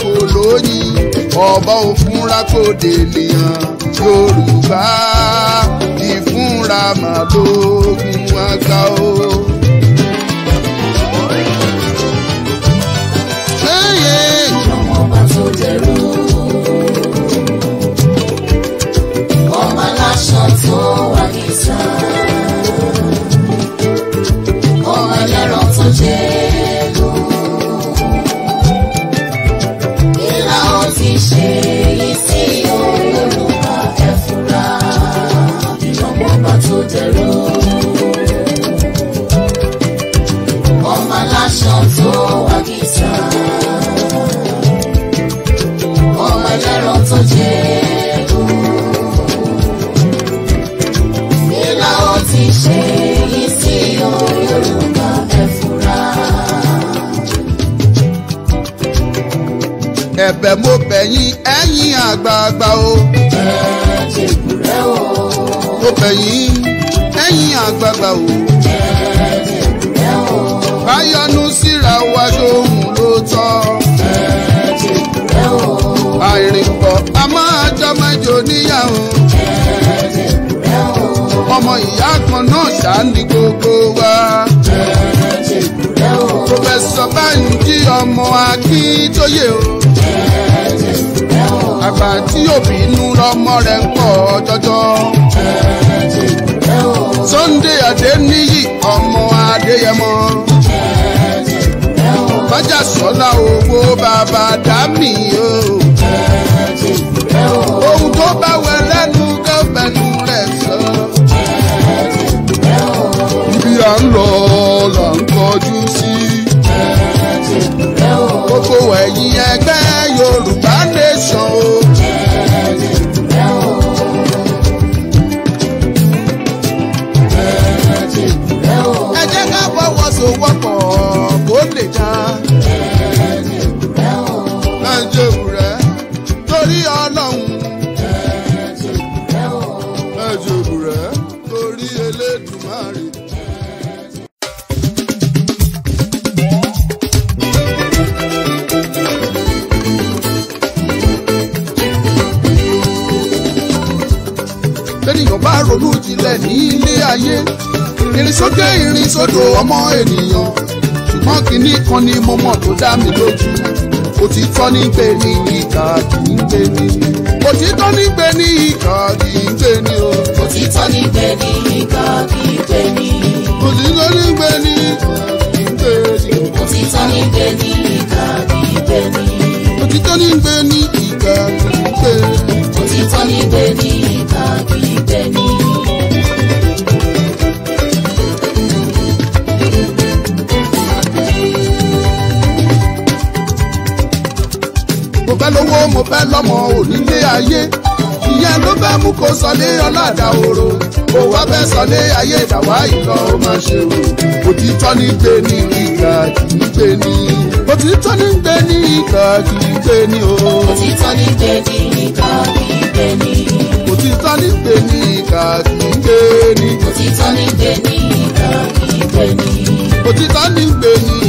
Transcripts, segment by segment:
kò lóyìn ọba ò fúnra kò dènìyàn yorùbá ìfúnra màlógún àgbà o. Ọmọ aláṣọ tó wà ní ìta. Ọmọ tẹ̀rù. ọmọ aláṣọ tó wà níta. ọmọ ẹlẹ́rọ tó jẹ́ ẹ̀kọ́. nílá ó ti mo bẹ̀ yín àgbààgbà o. ẹ jẹ́ ìkúrẹ́ o. mo bẹ̀ ẹ̀yin àgbààgbà o. báyọ̀nù síra wa lóhùn ló tọ́. àìrìnkọ̀ a máa jọ mẹ́jọ níyàwó. ọmọ ìyá kan náà ṣáà ní gbogbo wa. pòfẹ́sọ̀ Bánjí ọmọ Akíntóyè o àgbà tí òbí inú lọmọ rẹ̀ ń pọ̀ jọjọ. Sunday Adéníyì ọmọ Adéyẹmọ Májàsọ́lá owó bàbá dámì o ohun tó bá wẹ lẹ́nu gọ́bẹ̀nù rẹ̀ sọ. Ibi à ń lọ là ń kọjú sí gbogbo ẹ̀yìn ẹgbẹ́. ayé ìrìnsókè ìrìnsódò ọmọ ènìyàn ṣùgbọ́n kínní kan ni mo mọ̀ tó dá mi lójú òtítọ́ ní gbé ní ìkà kì í gbé ní òtítọ́ ní gbé ní ìkà kì í gbé ní o. òtítọ́ ní gbé ní ìkà kì í gbé ní. òtítọ́ ní gbé ní ìkà kì í gbé ní. òtítọ́ ní gbé ní ìkà kì í gbé ní. òtítọ́ ní gbé ní ìkà kì í gbé ní. òtítọ́ ní gbé ní ìkà kì í gbé ní. lówó mo fẹ́ lọ́mọ onílé ayé ìyẹn ló fẹ́ mú kó sọlé ọlọ́dà òru kò wá fẹ́ sọlé ayé ìdàwá ìlọ ó má ṣe o òtítọ́ ní gbé ní ìgbà kì í gbé ní òtítọ́ ní gbé ní ìgbà kì gbé ní o. òtítọ́ ní gbé ní ìgbà kì gbé ní. òtítọ́ ní gbé ní ìgbà kì gbé ní. òtítọ́ ní gbé ní ìgbà kì gbé ní. òtítọ́ ní gbé ní.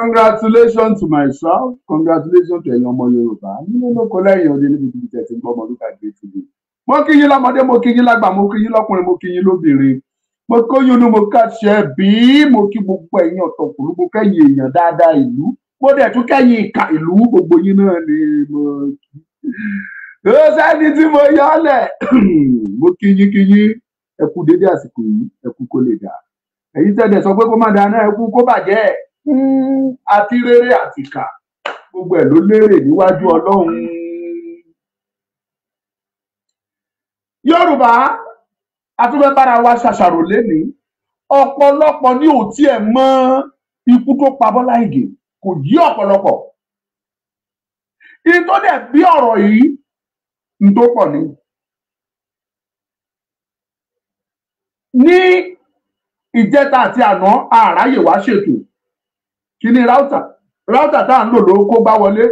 congratulations to myself congratulations to ẹ̀yin ọmọ yorùbá nínú lóko lẹ́yìn òde níbi tí tẹ̀sí ń gbọ́ ọmọ lóka gbé ti di mo kí yín lọ́mọdé mo kí yín lágbà mo kí yín lọ́kùnrin mo kí yín lóbìnrin mo kóyún ní mo kàṣẹ bí mo kí gbogbo ẹ̀yin ọ̀tọ̀ kùrú mo kẹ́yìn èèyàn dáadáa ìlú mo dẹ̀ tún kẹ́yìn ìka ìlú gbogbo yín náà ni mo kí ó sẹ́ni tí mo yọ ọ́ mo kí yín kí yín ẹ dédé àsìkò yìí ẹ kó lè dà èyí tẹ̀lé sọ pé kó má dáná ẹ kó bàjẹ́ ẹ̀ àti rere àti kà gbogbo ẹ̀ ló lérè níwájú Ọlọ́run. Yorùbá atúfẹ́bára wa ṣàṣàrò lẹ́ni ọ̀pọ̀lọpọ̀ ní ò tiẹ̀ mọ ikú tó pa Bọ́lá Ìgè kò yí ọ̀pọ̀lọpọ̀ ìtọ́dẹ̀ bí ọ̀rọ̀ yìí ń tó pọ̀ ni. ní ìjẹta àti àná àráyè wá ṣètò kí ni router router tá à ń lò ló kó bá wọlé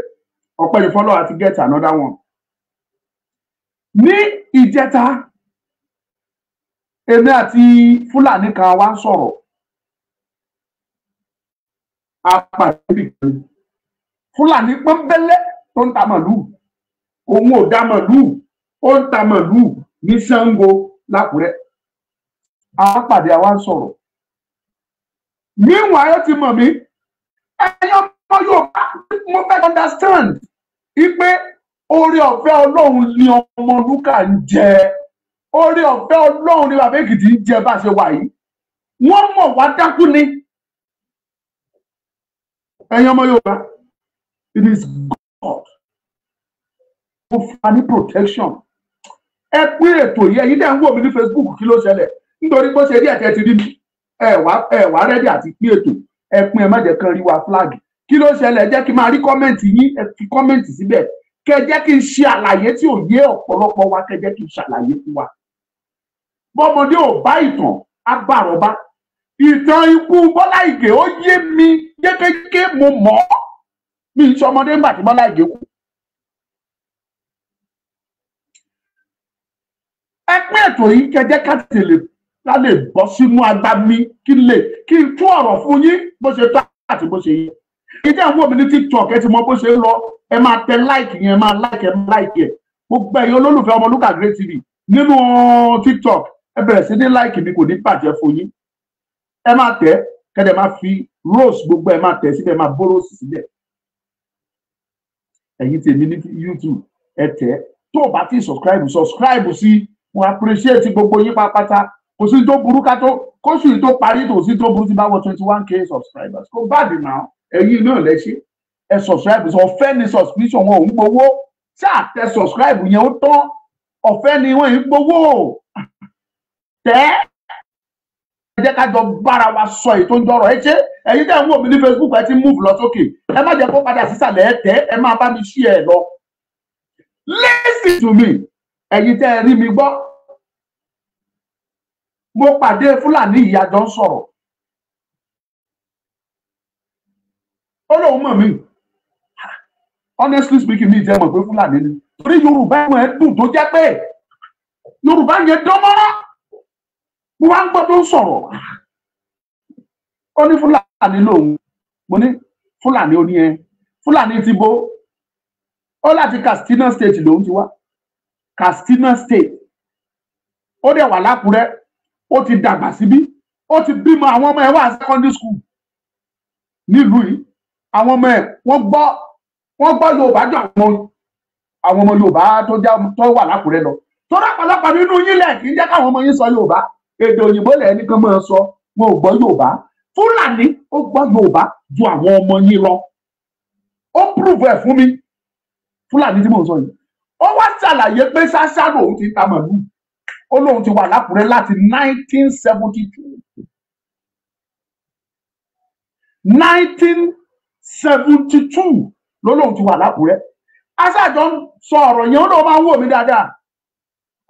ọpẹ́ ní àti get another one ní ìjẹta èmi àti fúlàní kan wá sọ̀rọ̀ apàdébì kan fúlàní pọ́nbélé tó ń ta màlúù òun ò dá màlúù ó ń ta màlúù ní Ṣàngó lákùrẹ́ apàdé àwa sọ̀rọ̀ níwọ̀n ayé ti mọ̀ mí ẹ̀yin ọmọ Yorùbá mo fẹ́ understand wípé oore ọ̀fẹ́ Ọlọ́run ni ọmọ Lúkà ń jẹ oore ọ̀fẹ́ Ọlọ́run ni bàbá Èkìtì ń jẹ bá a ṣe wà yìí wọ́n mọ̀ wá dákú ni ẹ̀yin ọmọ Yorùbá it is God mo fa ní protection ẹ pín ètò yìí ẹ̀yin dẹ̀ ń wò mí ní Facebook kí ló ṣẹlẹ̀ nítorí bó ṣe rí ẹ̀kẹ́ ti rí mi ẹ̀ wá ẹ̀ wá rẹ́dí àti pín ètò ẹ pín ẹ má jẹ́ kan rí wa flag kí ló ṣẹlẹ̀ jẹ́ kí n máa rí kọ́mẹ̀ntì yín ẹ fi kọ́mẹ̀ntì síbẹ̀ kẹ jẹ́ kí n ṣe àlàyé tí ò yé ọ̀pọ̀lọpọ̀ wa kẹ jẹ́ kí n ṣàlàyé fún wa bọ́mọdé ò bá ìtàn á bàrọ̀bá ìtàn ikú Bọ́lá Ìgè ó yé mi yékéyéké mo mọ̀ ọ́ mi ń sọmọdé ńgbà tí Bọ́lá Ìgè kú. ẹ pín ètò yìí kẹjẹ ká tètè lè ká lè bọ́ sínú agbami kí lè kí n tún ọ̀rọ̀ fún yín bó ṣe tó àti bó ṣe yẹ ìdí àwọn obìnrin tiktok ẹ ti mọ bó ṣe ń lọ ẹ máa tẹ láìkì yẹn ẹ máa láìkì ẹ máa láìkì ẹ gbogbo ẹ̀yin olólùfẹ́ Ọmọlúkà Great TV nínú tiktok ẹ bẹ̀rẹ̀ sí ní láìkì mi kò ní bàjẹ́ fún yín ẹ máa tẹ kẹdẹ máa fi rose gbogbo ẹ máa tẹ síbẹ̀ ẹ máa bó rose síbẹ̀ ẹ̀yin tèmi ní youtube ẹ tẹ tó o bá ti subscribe subscribe sí wọn appreciate gbogbo yín pátápátá kò sí tó burú ká tó kóṣù yìí tó parí kò sí tó burú ti bá wọ twenty one k subscribers kò báàdì náà ẹ̀yin náà lẹ ṣe ẹ subscribe ọ̀fẹ́ ni subscription wọn ò ń gbowó ṣáà tẹ subscribe yẹn ó tán ọ̀fẹ́ ni wọn ò ń gbowó tẹ ẹ jẹ́ ká jọ bára wa sọ èyí tó ń jọrọ ẹ ṣe ẹ̀yin tẹ ń wò mí ní Facebook ẹ ti move lọ sókè ẹ má jẹ́ kó padà sísàlẹ̀ ẹ tẹ ẹ má bá mi ṣí ẹ lọ listen to me ẹ̀yin tẹ ẹ rí mi gbọ́ mo pàdé fúlàní ìyàjọ ń sọ̀rọ̀ ó lóun mọ̀ mí honestly speaking mi jẹ́ mọ̀ pé fúlàní ni torí yorùbá ẹ̀mọ̀ ẹ̀ dùn tó jẹ́ pé yorùbá yẹn dánmọ́rá mo wá ń gbọ́ tó ń sọ̀rọ̀ ó ní fúlàní lòun mo ní fúlàní oní ẹ fúlàní ti bo ó láti Katsina state lòun ti wá Katsina state ó dẹ̀ wà lákùrẹ́ ó ti dàgbà síbí ó ti bímọ àwọn ọmọ ẹ wà secondary school nílùú yìí àwọn ọmọ ẹ wọ́n gbọ́ wọ́n gbọ́ Yorùbá jọ àwọn àwọn ọmọ Yorùbá tó já tó wà lákùrẹ́ lọ tó rápàlápà nínú yín lẹ kì í jẹ́ káwọn ọmọ yín sọ Yorùbá èdè òyìnbó lẹ nìkan máa sọ wọn ò gbọ́ Yorùbá Fúlàní ó gbọ́ Yorùbá ju àwọn ọmọ yín lọ ó prove ẹ fún mi Fúlàní tí mò ń sọ yìí ó wá ṣàlàyé pé ṣáṣá lòun ti ta màlúù ó lóun ti wà lákùrẹ́ láti nineteen 1972. two nineteen seventy two ló lóun ti wà lákùrẹ́ aṣáájọ ń sọ ọ̀rọ̀ yẹn ó lóun máa ń wò mí dáadáa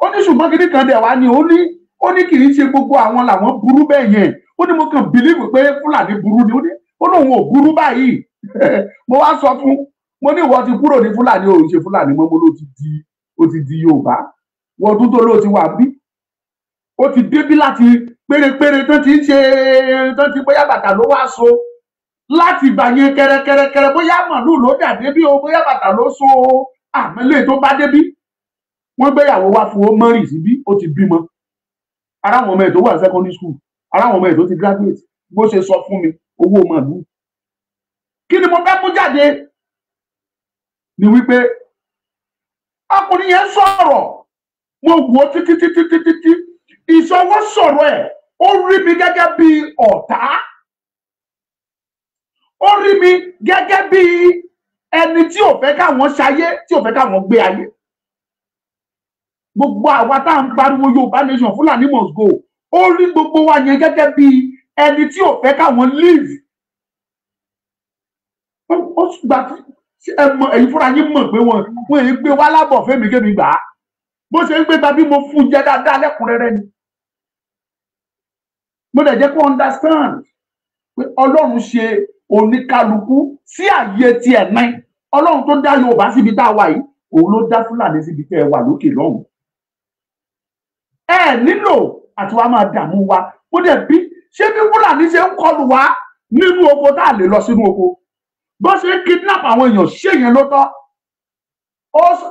ó ní ṣùgbọ́n kìíní kan dẹ̀ wá ni ó ní ó ní kì í ṣe gbogbo àwọn làwọn burú bẹ́ẹ̀ yẹn ó ní mo kàn bìlíìfù pé fúlàní burú ni ó ní ó lóun ò burú báyìí mo wá sọ fún mo ní ìwọ ti kúrò ní fúlàní ò ṣe fúlàní mọ́ ló ti di ó ti di yorùbá wọ́n dún ló ti wà bí ó ti débí láti pérépéré tán ti ń ṣe tán ti bóyá bàtà ló wá so láti ìgbà yẹn kẹrẹkẹrẹkẹrẹ bóyá màlúù ló dà débí o bóyá bàtà ló so o àmọlé tó bá débí wọn gbéyàwó wá fún o mọrì síbí ó ti bímọ ara àwọn ọmọ ẹ tó wà secondary school ara àwọn ọmọ ẹ tó ti graduate bó ṣe sọ fún mi owó màlúù kí ni mo fẹ́ mú jáde ni wípé ọkùnrin yẹn sọ̀rọ̀ mo wò ó títí títí títí ìṣọwọ́ sọ̀rọ̀ ẹ̀ ó rí mi gẹ́gẹ́ bí ọ̀tá ó rí mi gẹ́gẹ́ bí ẹni tí ò fẹ́ káwọn ṣayé tí ò fẹ́ káwọn gbé ayé gbogbo àwa tá à ń pariwo Yorùbá nation Fúlàní must go ó rí gbogbo wa yẹn gẹ́gẹ́ bí ẹni tí ò fẹ́ káwọn leave ó gbà ẹ mọ ẹ̀yin fúnra yín mọ̀ pé wọn wọn èyí gbé wá lábọ̀ fẹ́mi kémi gbà á bó ṣe ń gbé ta bí mo fún jẹ dáadáa lẹ́kùnrẹ́rẹ́ ni mo dẹ̀ jẹ́ kó understand pé ọlọ́run ṣe oníkálukú sí àyè tiẹ̀ náà ọlọ́run tó dá yorùbá síbi tá a wà yìí òun ló dá fúlàní síbi tẹ́ ẹ wà lókè lọ́hùn ẹ nílò àti wàá máa dààmú wa ó dẹ̀ bí ṣé bí fúlàní ṣe ń kọlù wá nínú oko tá a lè lọ sínú oko bó ṣe ń kidnap àwọn èèyàn ṣé yẹn ló tọ́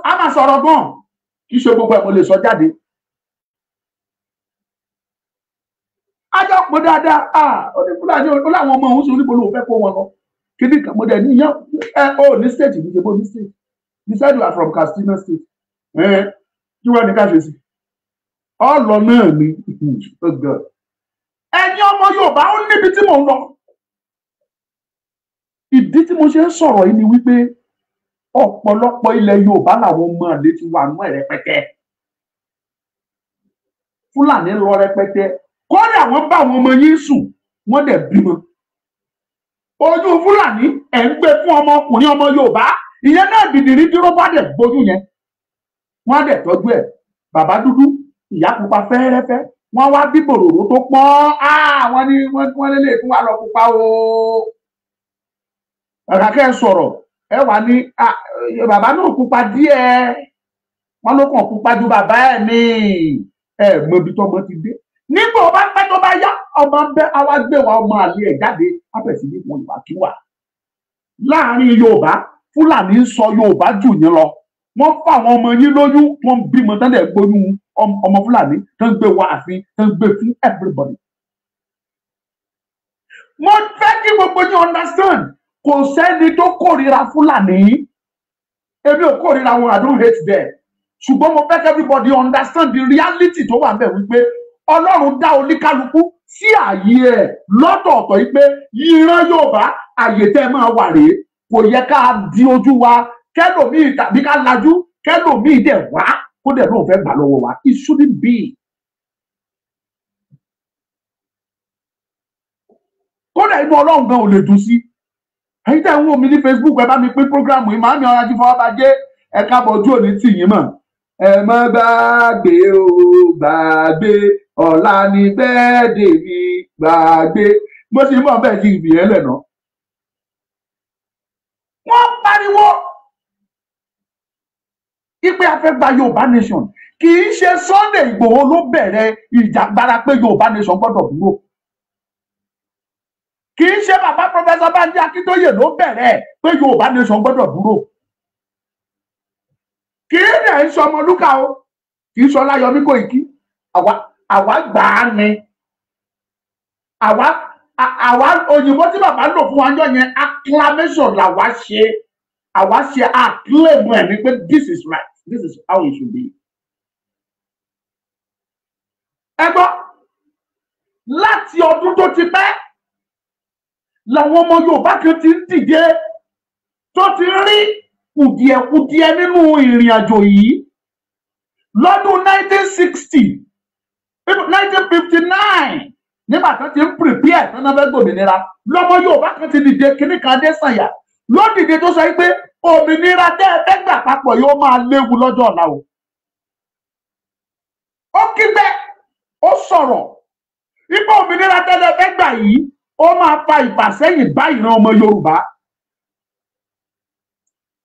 a máa sọ̀rọ̀ gan kì í ṣe gbogbo ẹ̀ mo lè sọ jáde ajá pọ̀ dáadáa ó ní fúlàní ó láwọn ọmọ òun sùn níbo ló fẹ́ kó wọn lọ kíndìn kan mo dẹ̀ níyàn ẹ ó ní state ìdíje bó ní state you said you from Katsina state ẹ kí wọ́n ní ká ṣe sí ọ̀lọ́ náà ni ẹ̀yin ọmọ Yorùbá ó níbi tí mò ń lọ ìdí tí mo ṣe ń sọ̀rọ̀ yìí ni wípé ọ̀pọ̀lọpọ̀ ilẹ̀ Yorùbá làwọn ọmọ àlè ti wà nú ẹ̀ rẹpẹtẹ Fúlàní lọ rẹpẹtẹ kódà wọ́n bá àwọn ọmọ yín sùn wọ́n dẹ̀ bímọ ojú fúlàní ẹ̀ ń gbé fún ọmọkùnrin ọmọ yorùbá ìyẹn náà dìdìrí dúró bá dẹ̀ gbójú yẹn wọ́n á dẹ̀ tọ́jú ẹ̀ bàbá dúdú ìyá pupa fẹ́ẹ́rẹ́fẹ́ wọ́n wá bí bòròrò tó pọ́n á wọ́n ní wọ́n lé lè fún wa lọ pupa o ọ̀gá kẹ́ ẹ sọ̀rọ̀ ẹ wà ní bàbá náà pupa díẹ̀ wọ́n ló kàn pupa ju bàbá ẹ̀ ní ẹ̀ mọbi tọ́mọ ti dé nígbà ó bá pẹ́ tó bá yá ọmọ bẹ́ àwa gbé wa ọmọ àlè ẹ̀ jáde ápẹ̀sì ní ìwọ̀n ìwà kí wà láàrin Yorùbá Fúlàní ń sọ Yorùbá jù yín lọ wọ́n fà àwọn ọmọ yín lóyún wọ́n bímọ tán dẹ̀ gbóyún ọmọ Fúlàní tán gbé wa àfin tán gbé fún everybody mo fẹ́ kí gbogbo yín understand kò sẹ́ni tó kórìíra Fúlàní èmi ò kórìíra wọn I don't hate them ṣùgbọ́n mo fẹ́ kí everybody understand the reality tó wà ń bẹ̀ wípé ọlọ́run dá oníkálukú sí ààyè ẹ̀ lọ́tọ̀ọ̀tọ̀ yìí pé yíran yorùbá ààyè tẹ́ ẹ máa wà rèé kò yẹ ká di ojú wa kẹlòmíì tàbí ká lajú kẹlòmíì dẹ̀ wá kó dẹ̀ lóun fẹ́ gbà lọ́wọ́ wa it shouldn't be. kódà inú ọlọ́run gan ò lè dùn sí ẹ̀yin tẹ́ ń wò mí ní facebook ẹ bá mi pín program yìí màámi ọ̀rọ̀ ajú fọwọ́ bá jẹ́ ẹ káàbọ̀ ojú òní tì yín mọ̀ ẹ má gbàgbé o gbàgbé ọ̀la ni bẹ́ẹ̀dẹ̀ mi gbàgbé bó ṣe mọ̀ bẹ́ẹ̀ kí ibì yẹn lẹ̀nà. wọ́n pariwo ipe afẹ́gba Yorùbá nation kì í ṣe Sunday Ìgbòho ló bẹ̀rẹ̀ ìjàgbara pé Yorùbá nation gbọ́dọ̀ dúró kì í ṣe bàbá pọfẹsọ Bánjí Akíntóyè ló bẹ̀rẹ̀ pé Yorùbá nation gbọ́dọ̀ dúró kì í rẹ̀ ń sọmọlúkà o kì í sọ Ọláyọmí Kòìkí àwa àwa gbà á ni àwa àwa òyìnbó tí bàbá lò fún wa ń jọ yẹn acclamation làwa ṣe àwa ṣe acclaim ẹ ni pé this is right this is how it should be. ẹ gbọ́ láti ọdún tó ti pẹ́ làwọn ọmọ Yorùbá kan ti ń dìde tó ti rí kùdìẹ̀kùdìẹ̀ nínú ìrìn àjò yìí lọ́dún 1960 nineteen fifty nine nígbà tó ti ń prepare tó náà fẹ́ gbòmìnira lọ́mọ Yorùbá kan ti dìde kíní kan dé sànyà ló dìde tó sọ pé òmìnira tẹ́ ẹ fẹ́ gbà papọ̀ yóò máa léwu lọ́jọ́ ọ̀la o. ó kígbẹ́ ó sọ̀rọ̀ ipò òmìnira tẹ́ ẹ fẹ́ gbà yìí ó máa fa ìfàsẹ́yìn bá ìran ọmọ Yorùbá.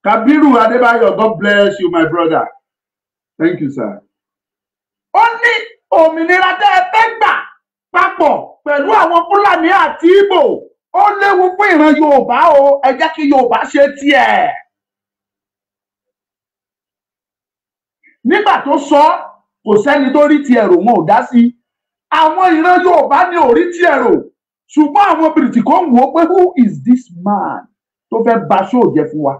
Kabiru Adébáyọ̀ God bless you my brother thank you sir ó ní òmìnira tẹ́ ẹ fẹ́ gbà papọ̀ pẹ̀lú àwọn fúlàní àti ìbò ó léwu fún ìran yorùbá o ẹ jẹ́ kí yorùbá ṣe tiẹ̀. nígbà tó sọ kò sẹ́ni tó rí tiẹ̀ rò wọn ò dá sí i àwọn ìran yorùbá ni ò rí tiẹ̀ rò ṣùgbọ́n àwọn bìrìtì kan wò ó pé who is this man tó fẹ́ ba ṣóò jẹ fún wa.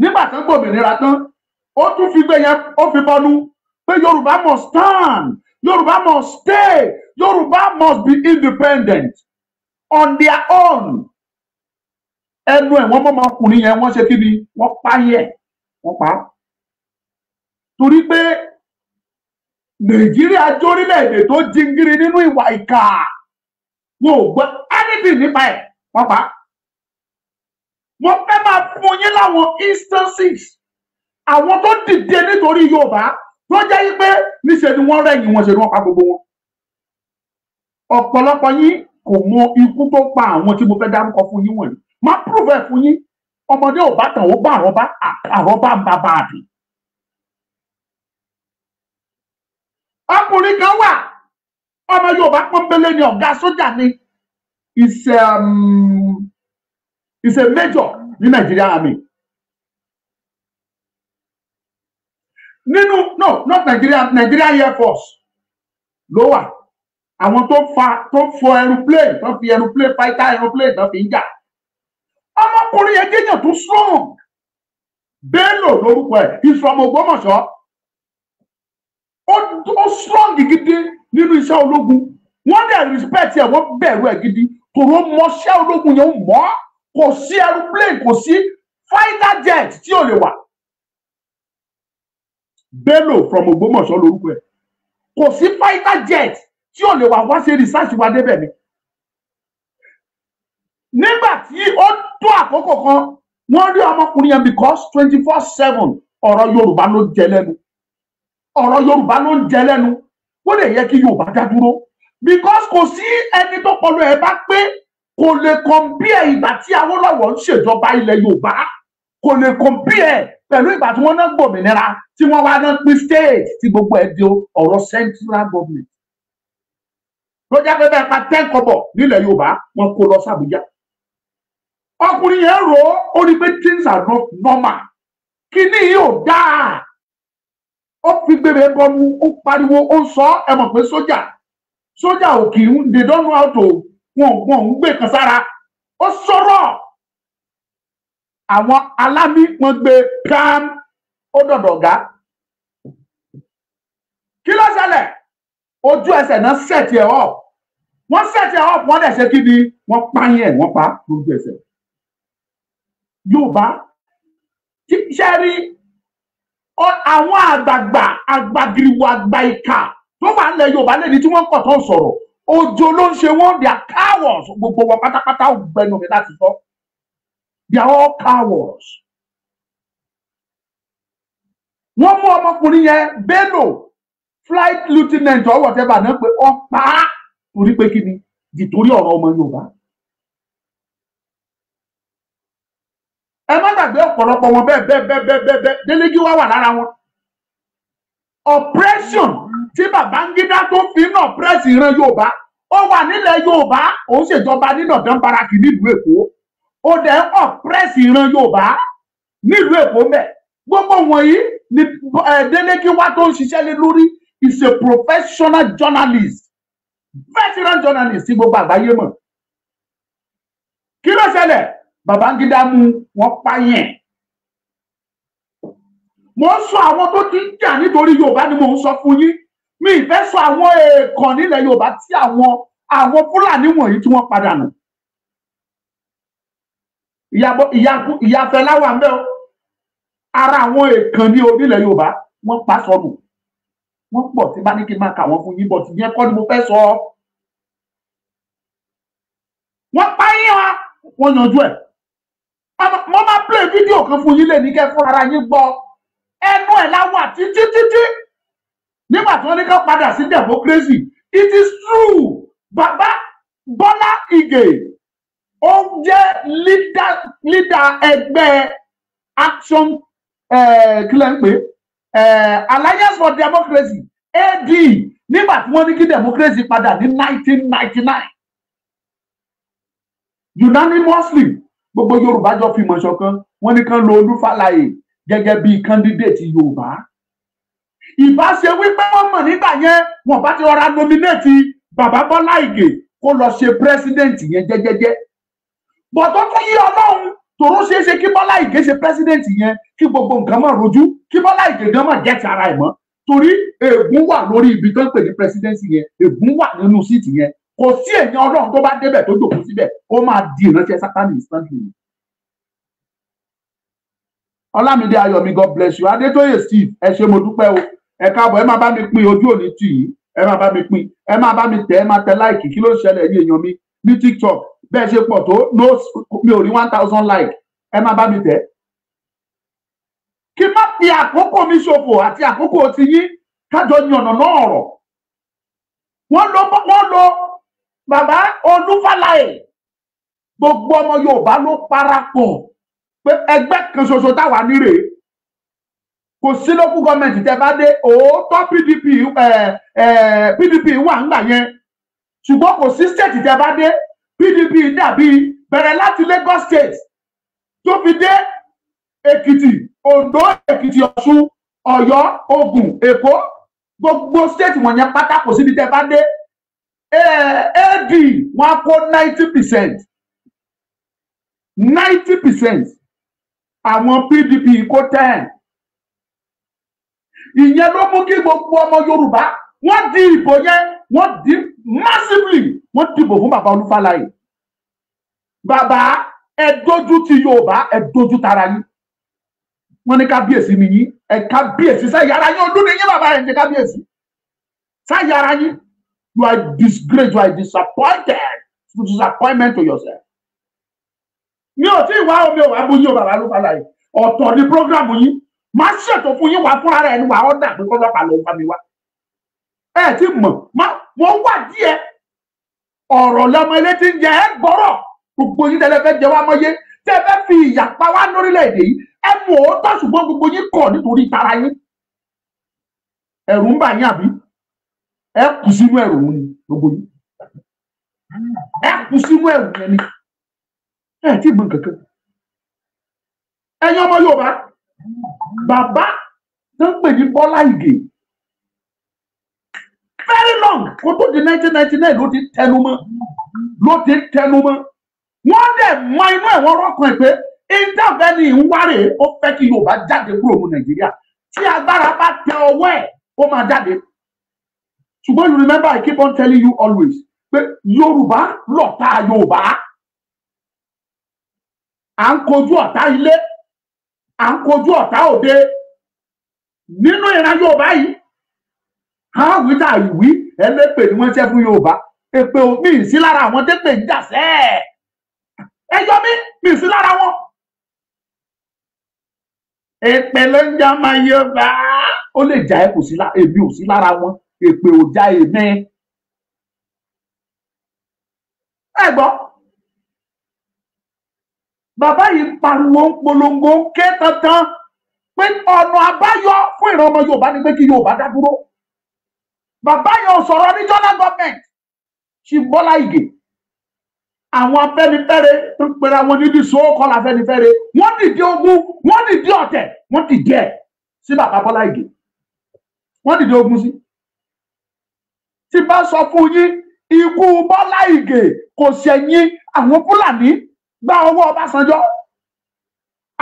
nígbà tán gbòmìnira tán ó tún fi gbé yẹn ó fi bọnú pé yorùbá must stand yorùbá must stay yorùbá must be independent on their own ẹnu ẹ wọn mọmọkùnrin yẹn wọn ṣe kí ni wọn páyẹ wọn pa torí pé nàìjíríà jórílẹ̀èdè tó jingiri nínú ìwà ìkà wọn ò gbọ́ anything nípa ẹ̀ wọ́n pa wọ́n fẹ́ máa fún yín láwọn instances àwọn tó dìde nítorí Yorùbá tó jẹ́ wípé níṣẹ́ ni wọ́n rẹ̀yìn wọn ṣe ni wọ́n pa gbogbo wọn ọ̀pọ̀lọpọ̀ yín kò mọ ikú tó pa àwọn tí mo fẹ́ dárúkọ fún yín wọ̀nyí má prove ẹ̀ fún yín ọmọdé ò bá tàn ó bá àrọ́bá àrọ́bá bàbá àbí. ọkùnrin kan wà ọmọ Yorùbá pọ́nbélé ni ọ̀gá sójà ni is um, is a major ní Nàìjíríà àmì. nínú no not Nigerian Nigerian Air Force ló wà àwọn tó fa tó fọ aeroplane tó fi aeroplane fighter aeroplane tó fi ń jà ọmọkùnrin yẹn jẹyàn tó strong Bello lórúkọ ẹ̀ he's from Ògbómọ̀ṣọ́ ó strong gidi nínú iṣẹ́ ológun wọ́n dẹ̀ respect ẹ̀ wọ́n bẹ̀rù ẹ̀ gidi tòró mọṣẹ́ ológun yẹn mọ́ kò sí aeroplane kò sí fighter jet tí ò lè wà Bello from Ògbómọ̀ṣọ́ lórúkọ ẹ̀ kò sí fighter jet tí ò lè wá wá ṣe research wa débẹ̀ ni nígbà tí ó tó àkókò kan wọ́n rí ọmọkùnrin yẹn because twenty four seven ọ̀rọ̀ Yorùbá ló ń jẹ lẹ́nu ọ̀rọ̀ Yorùbá ló ń jẹ lẹ́nu ó lè yẹ kí Yorùbá dá dúró because kò sí ẹni tó kọlu ẹ̀ bá pé kò lè kàn bí ẹ̀ ìgbà tí Awólọ́wọ̀ ń ṣèjọba ilẹ̀ Yorùbá kò lè kó bí ẹ pẹ̀lú ìgbà tí wọ́n náà gbòmìnira tí wọ́n wá náà pín state tí gbogbo ẹ̀ di ọ̀rọ̀ central government ló jẹ́ pé bẹ́ẹ̀ pa ten kọ́bọ̀ nílẹ̀ Yorùbá wọ́n kó lọ sàbújá ọkùnrin yẹn rò ó ó rí pé things are not normal kíní yìí ò dáa ó fi gbèrè bọnu ó pariwo ó sọ ẹ mọ̀ pé sójà sójà ò kì í they don't wọn ò gbé sára ó sọ̀rọ̀ àwọn alámì wọn gbé gam ó dọ̀dọ̀ ga kí ló ṣẹlẹ̀ ojú ẹsẹ̀ náà ṣẹ̀tì ẹ̀ ọ́ wọ́n ṣẹ̀tì ẹ̀ ọ́ wọ́n dẹ̀ ṣe kí ni wọ́n pa yẹn wọ́n pa lójú ẹsẹ̀ Yorùbá ṣe rí àwọn àgbààgbà àgbàgìrìwò àgbà ìkà tó wà ń lẹ Yorùbá lẹni tí wọ́n kọ̀ tó ń sọ̀rọ̀ ojo ló ń ṣe wọ́n dẹ̀ káwọ̀ gbogbo wọn pátápátá ò mi láti sọ. They are all cowards. Wọ́n mú ọmọkùnrin yẹn Bello flight lieutenant or whatever náà pé ọ pa á torí pé kí ni nítorí ọ̀rọ̀ ọmọ Yorùbá. Ẹ má gbàgbé ọ̀pọ̀lọpọ̀ wọn bẹ́ẹ̀ bẹ́ẹ̀ bẹ́ẹ̀ bẹ́ẹ̀ bẹ́ẹ̀ Délégi wá wà lára wọn. Oppression tí Babangida tó fi náà press ìran Yorùbá ó wà nílẹ̀ Yorùbá òun ṣèjọba nínà dánbaraki nílùú Èkó ó dẹ̀ ń ọ̀pẹ́rẹ́sì ìran yorùbá nílùú èkó mẹ́ gbogbo wọ̀nyí ni eh, Deleke wá tó ń ṣiṣẹ́ lé lórí is a professional journalist veteran journalist sí gbogbo àgbáyé mọ̀ kí ló ṣẹlẹ̀ Babangida mú wọn pààyàn mo ń sọ àwọn tó ti ń jà nítorí yorùbá ni mo ń sọ fún yín mi ìfẹ́ sọ àwọn èèkàn nílẹ̀ yorùbá tí àwọn àwọn fúlàní wọ̀nyí tí wọ́n padà nù ìyàbọ ìyàkú ìyàfẹláwà ń bẹ o ara àwọn èèkàn ní onílẹ̀ Yorùbá wọ́n pa sọnù wọ́n pọ̀ tí bá ní kí n máa kà wọ́n fún yín bọ tìyẹn kọ́ ni mo fẹ́ sọ wọ́n pa yín wa wọ́n yanjú ẹ̀ mo máa play fídíò kan fún yín lè ní kẹ́ fún ara yín gbọ́ ẹnu ẹ̀ láwà títí títí nígbà tí wọ́n ní ká padà sí democracy it is true bàbá Bọ́lá Ìgè ó jẹ́ lídà ẹgbẹ́ action eh, kílẹ̀ ń pè eh, alliance for democracy ad nígbà tí wọ́n ní kí democracy padà ní nineteen ninety nine unanimously gbogbo yorùbá jọ fìmọ̀ ṣọ̀kan wọ́n ní kán lo olúfàlàyé gẹ́gẹ́ bíi candidate yorùbá ìbá ṣe wípé wọ́n mọ̀ nígbà yẹn wọ́n bá ti rọra nominate bàbá bọ́lá ìgè kó lọ ṣe president yẹn jẹ́jẹ́jẹ́ bọ̀tọ́ tó yí ọlọ́run tòró ṣeé ṣe kí bọ́lá ìgè ṣe president yẹn kí gbogbo nǹkan mọ̀ rojú kí bọ́lá ìgè gan mọ̀ jẹ́ ti ara ẹ̀ mọ́ torí ègún wà lórí ibi tó ń pè ní president yẹn ègún wà nínú síìtì yẹn kò sí èèyàn ọlọ́run tó bá débẹ̀ tó jòkó síbẹ̀ ó máa di ìránṣẹ́ sátani instantly ọlámídé ayọ̀mí god bless you adétóyè steve ẹ ṣé mo dúpẹ́ o ẹ káàbọ̀ ẹ máa bá mi pín ojú òní tì yín ẹ máa bá mi pín ẹ máa bá mi tẹ̀ ẹ máa tẹ̀ láìkì kí ló ń ṣẹlẹ̀ yín èèyàn mi ní tiktok bẹ́ẹ̀ ṣe pọ̀ tó no mi ò rí one thousand like ẹ máa bá mi tẹ̀. kí má fi àkókò mi ṣòfò àti àkókò ti yín kájọ yànnà náà ọ̀rọ̀ wọ́n lo wọ́n lo bàbá olúfàlàyé gbogbo ọmọ yorùbá ló parapọ̀ pé ẹgbẹ́ kan ṣoṣo táwa ní rèé kò sí lókù gọọmenti tẹ bá dé òótọ́ pdp pdp eh, eh, wà ńgbà yẹn ṣùgbọ́n kò sí state tẹ bá dé pdp dàbí bẹ̀rẹ̀ láti lagos state tó fi dé èkìtì ondo èkìtì ọ̀ṣun ọ̀yọ́ ògùn èkó gbogbo state wọ̀nyẹn pátá kò síbi tẹ́ bá dé ad wọn kó ninety percent ninety percent àwọn pdp kó ten ìyẹn ló mú kí gbogbo ọmọ yorùbá wọ́n di ìbò yẹn wọ́n di massively wọ́n dìbò fún bàbá olúfàlàyé bàbá ẹ dojú ti yorùbá ẹ dojú tara yín wọ́n ní kábíyèsí nìyí ẹ kábíyèsí sáyà ara yín ọdún nìyí bàbá ẹ ní kábíyèsí sáyà ara yín you are disgraced you are disappointed to disappointment to yourself mi ò tí ì wá omi ò wá bóyí o bàbá olúfàlàyé ọ̀tọ̀ ni programu yín má ṣètò fún yín wá fúnra rẹ̀ ni wà ọ́ dà pé kọ́lọ́pàá ló ń bá mi wá ẹ ti mọ̀ mo wà díẹ̀ ọ̀rọ̀ lọmọ ilé tí ń jẹ ẹ gbọ́rọ̀ gbogbo yín tẹ́lẹ̀ fẹ́ jẹ wá mọ́yé tẹ́ fẹ́ fi ìyà pa wá lórílẹ̀‐èdè yìí ẹ mọ̀ ó tọ́ ṣùgbọ́n gbogbo yín kọ̀ nítorí tara yín ẹ̀rù ń bà yín àbí ẹ kù sínú ẹ̀rù òun ni gbogbo yín ẹ kù sínú ẹ̀rù yẹn ni ẹ ti gbọ́n kankan ẹ̀yin ọmọ Yorùbá bàbá tó ń pè ní Bọ́lá Ìgè very long kó tó di nineteen ninety nine ló ti tẹnu mọ́ ló ti tẹnu mọ́ wọ́n dẹ̀ mọ inú ẹ̀wọ̀n rọ́kàn ẹ̀ pé interveni ń wárè ó fẹ́ kí Yorùbá jáde kúrò ní Nàìjíríà tí agbára bá tẹ ọwọ́ ẹ̀ ó máa jáde ṣùgbọ́n you remember I keep on telling you always pé Yorùbá lọ̀tá Yorùbá à ń kojú ọ̀tá ilé à ń kojú ọ̀tá òde nínú ìran Yorùbá yìí àwọn ìdá ìwí ẹlẹ́pẹ̀ ni wọ́n ṣẹ́ fún Yorùbá èpè mi sí lára àwọn tẹ́pẹ̀ ń jà sẹ́ẹ̀ ẹjọ́ mi mi sí lára wọn. èpè ló ń jẹ́ ọmọ Yorùbá ó lè jà ẹ́ kò sí lára èmi ò sí lára wọn èpè ò já èmi. ẹ gbọ́ bàbá yìí pariwo ń polongo ń ké tantan pé ọ̀nà àbáyọ fún ìran ọmọ Yorùbá ni pé kí Yorùbá dá dúró bàbá yẹn ò sọ̀rọ̀ regional government ṣì Bọ́lá Ìgè àwọn Afẹ́nifẹ́re ń pera wọn níbi sókọlà Afẹ́nifẹ́re wọ́n dìde ogun wọ́n dìde ọ̀tẹ̀ wọ́n dìde ẹ sí bàbá Bọ́lá Ìgè wọ́n dìde ogun sí tí bá sọ fún yín ikú Bọ́lá Ìgè kò ṣẹ̀yìn àwọn Fúlàní gba ọwọ́ Ọbásanjọ́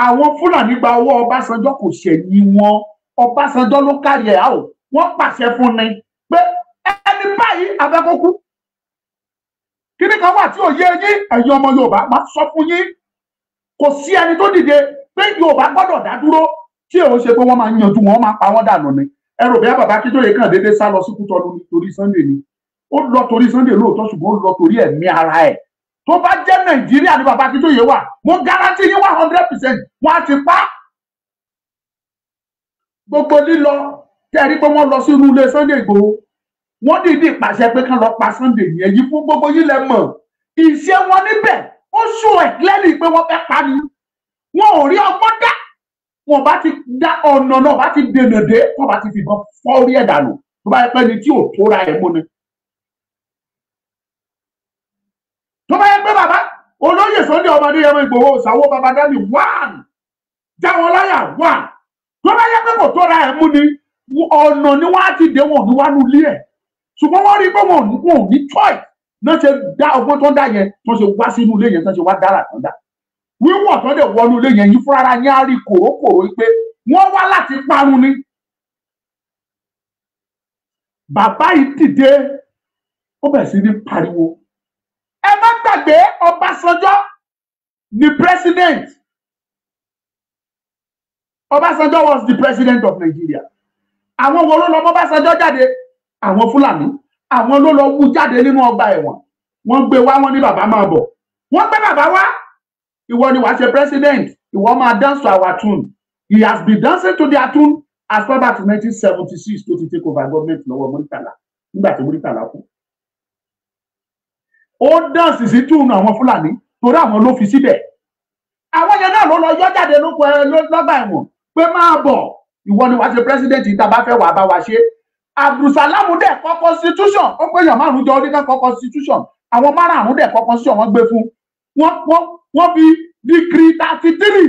àwọn Fúlàní gba ọwọ́ Ọbásanjọ́ kò ṣẹ̀yìn wọn Ọbásanjọ́ ló kárí ẹ̀ á o wọ́n pàṣẹ fún ni pé ẹni báyìí abẹ́kókú kíní kan wà tí ò yé yín ẹ̀yin ọmọ Yorùbá má sọ fún yín kò sí ẹni tó dìde pé Yorùbá gbọ́dọ̀ dá dúró tí èrò ṣe pé wọ́n máa yanjú wọn máa pa wọ́n dànù ni ẹrù bẹ́ẹ̀ bàbá Akíntóyè kàn déédéé sá lọ sí Kútọ́nù nítorí Sunday ni ó lọ torí Sunday lóòótọ́ ṣùgbọ́n ó lọ torí ẹ̀mí ara ẹ̀ tó bá jẹ́ Nàìjíríà ni bàbá Akíntóyè wà mo garanti yín one hundred percent wọ́n á ti pa gbogbo lílọ kẹrí pé wọ́n lọ sínú ilé Sunday Igboho wọ́n dìídì pàṣẹ pé kán lọ pa Sunday yẹn yìí fún gbogbo yín lẹ mọ̀ ìṣe wọn níbẹ̀ ó sùn ẹ̀ lẹ́lì pé wọ́n fẹ́ pa ni wọn ò rí ọgbọ́n dá wọn bá ti dá ọ̀nà náà bá ti dènà dé wọn bá ti fìbọn fọ́ orí ẹ̀ dànù tó bá yẹ pé ni tí ò tóra ẹ̀ mú ni. tó bá yẹ pé bàbá olóyè Sunday ọmọdé yẹn mọ Ìgbòho ìsàwọ babadali one jáwọn láyà one tó bá yẹ pé kò tóra ẹ̀ mú ni ọ̀nà ni wọ́n á ti dé wọn ò ní wá nu ilé ẹ̀ ṣùgbọ́n wọ́n rí pé wọn ò ní choice náà ṣe dá ọgbọ́n tó ń dá yẹn tó ṣe wá sínú ilé yẹn tó ṣe wá dára tó ń dá wíwọ̀ tó dẹ̀ wọnú ilé yẹn yìí fúnra yẹn á rí kòrókòrò pé wọ́n wá láti parun ni bàbá yìí dìde ó bẹ̀rẹ̀ sí ní pariwo ẹ má gbàgbé Ọbásanjọ́ ni president Ọbásanjọ́ was the president of Nigeria àwọn wo ló lọ mọ́ Ọbásanjọ́ jáde àwọn Fúlàní àwọn ló lọ wú jáde nínú ọgbà ẹ̀wọ̀n wọ́n gbé wá wọ́n ní bàbá máa bọ̀ wọ́n gbé bàbá wá ìwọ ni wàá ṣe president ìwọ máa dance to our tune he has been dancing to their tune as far back to nineteen seventy six tó ti take over government lọ́wọ́ Murtala nígbà tí Murtala kú ó dance sí tune àwọn Fúlàní torí àwọn ló fi síbẹ̀ àwọn yẹn náà ló lọ yọ jáde lóko ẹ lọ́gbà ẹ̀wọ̀n pé máa bọ̀ ìwọ ni wàá ṣe president yìí tá a bá fẹ́ wàá bá wa ṣe abdulsalamu dẹ̀ kọ constitution ó pé èèyàn márùn jọ oníkan kọ constitution àwọn márààrún dẹ̀ kọ constitution wọ́n gbé fún wọn wọ́n fi decree thirty three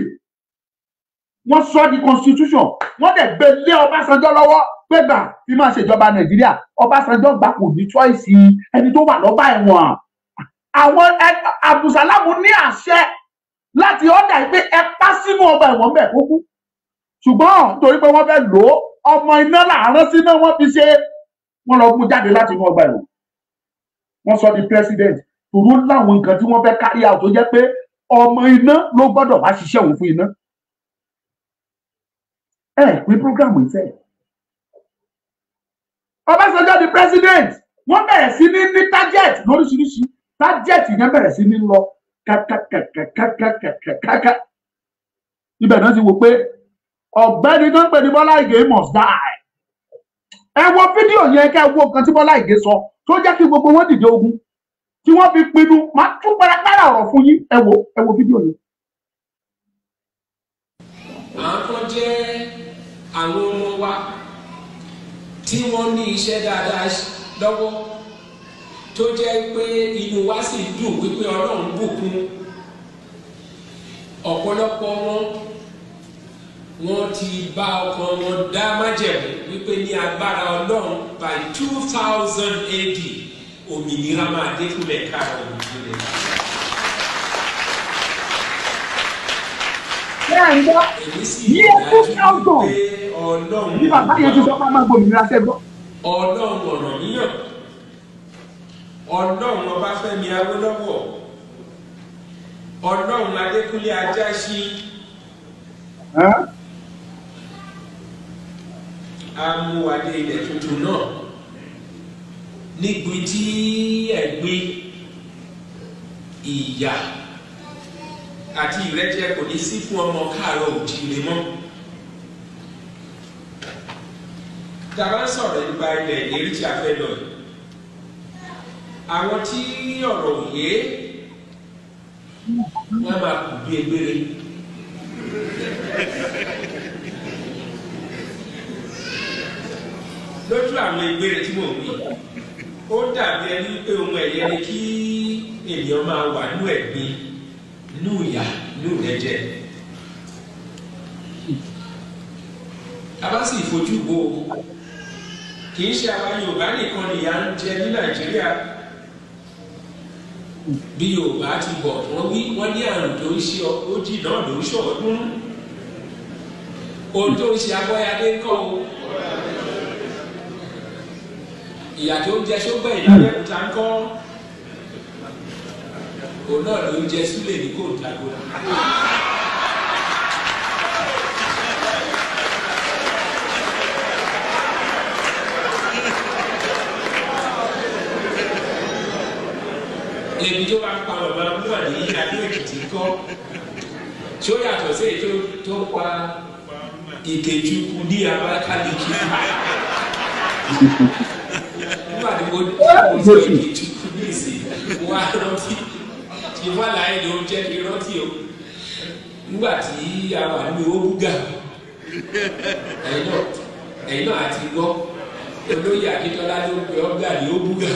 wọ́n sọ di constitution wọ́n dẹ̀ gbé lé ọbásanjọ́ lọ́wọ́ pé gbà fi máa ṣèjọba nàìjíríà ọbásanjọ́ gbà kò ní choice ẹni tó wà lọ́ba ẹ̀wọ̀n àwọn abdulsalamu ní àṣẹ láti ọ̀dà pé ẹ pa sínú ọba ẹ̀wọ̀n bẹ́ẹ̀ kó kú ṣùgbọ́n torí pé wọ́n fẹ́ lò ó ọmọ iná làárọ̀ síná wọ́n fi ṣe wọ́n lọ mú jáde láti inú ọgbà ẹ̀wọ̀n wọ́n sọ di president tòun láwọn nǹkan tí wọ́n fẹ́ carry out tó jẹ́ pé ọmọ iná ló gbọ́dọ̀ wá ṣiṣẹ́ òun fún iná ẹ pín program ìfẹ́ Ọbásanjọ́ di president wọ́n bẹ̀rẹ̀ sí ní ní target lóríṣiríṣi target yẹn bẹ̀rẹ̀ sí ní lọ kàkàkàkàkàkàkàkà ibẹ̀ náà ti wò pé ọ̀gbẹ́ni tó ń pè ní Bọ́lá Ìgè must die ẹ wo fídíò yẹn kẹ́ wo nǹkan tí Bọ́lá Ìgè sọ tó jẹ́ kí gbogbo wọn dìde ogun tí wọ́n fi pinnu máa tún pẹrẹpẹrẹ ọ̀rọ̀ fún yín ẹ wo ẹ wo fídíò yẹn. àákọ́ jẹ́ àwọn ọmọ wa tí wọ́n ní iṣẹ́ dáadáa lọ́wọ́ tó jẹ́ pé inú wa sì dùn wípé Ọlọ́run bùkún ọ̀pọ̀lọpọ̀ wọn wọ́n ti bá ọkọ wọn dá májẹ̀mú wípé ní agbára ọlọ́run by two thousand AD òmìnira máa dé fún ẹ̀ka òmìnira. èmi sì ní ìdájọ́ pé ọlọ́run ní bàbá yẹn ti sọ pé a máa gbòmìnira sẹ́gbọ́. ọlọ́run ọ̀ràn níyàn ọlọ́run ọbáfẹ́mi awólọ́wọ̀ ọlọ́run adékúnlé ajáṣin á mú wa dé ilẹ̀ tuntun náà nígbì tí ẹ̀gbin ìyà àti ìrẹ́jẹ kò ní sí fún ọmọ káàárọ̀ òjìlè mọ́ tàbá ń sọ̀rọ̀ nípa ilẹ̀ ìlérí tí a fẹ́ lọ yìí àwọn tí ọ̀rọ̀ òye wọ́n máa kù bí egbére. lójú àwọn ẹgbẹ́ rẹ̀ tí mò ń wí ó dàbí ẹni pé ohun ẹ̀yẹ ni kí ènìyàn máa wà nú ẹ̀gbin nú ìyà nú ìrẹ́jẹ. abá sì fojú wo kì í ṣe àwa Yorùbá nìkan nìyà ń jẹ ní Nàìjíríà bí Yorùbá ti bọ̀ wọ́n wí wọ́n ní àrùn tó ń ṣe ojì náà ló ń ṣọ̀ọ́dún ohun tó ń ṣe abọ́yadé kọ́ o ìyà tó ń jẹ sógbẹ́ ìyá abẹ́òkúta ń kọ́ òun náà ló ń jẹ súlẹ̀ ní kò dàgbò èmi tó bá pa bàbá múwà ní adó èkìtì kọ́ tó yàtọ̀ sí èyí tó pa ìkejì kú ní abákálíkì mo ti tutù ní ìsìn wà rántí tí wà láyé ló ń jẹ́ kí rántí o nígbà tí a wà ní ogúgà ẹ̀yìn ẹ̀yìn náà àti gbọ́ olóyè akíntọ́lá ló ń pè ọ́gà ní ogúgà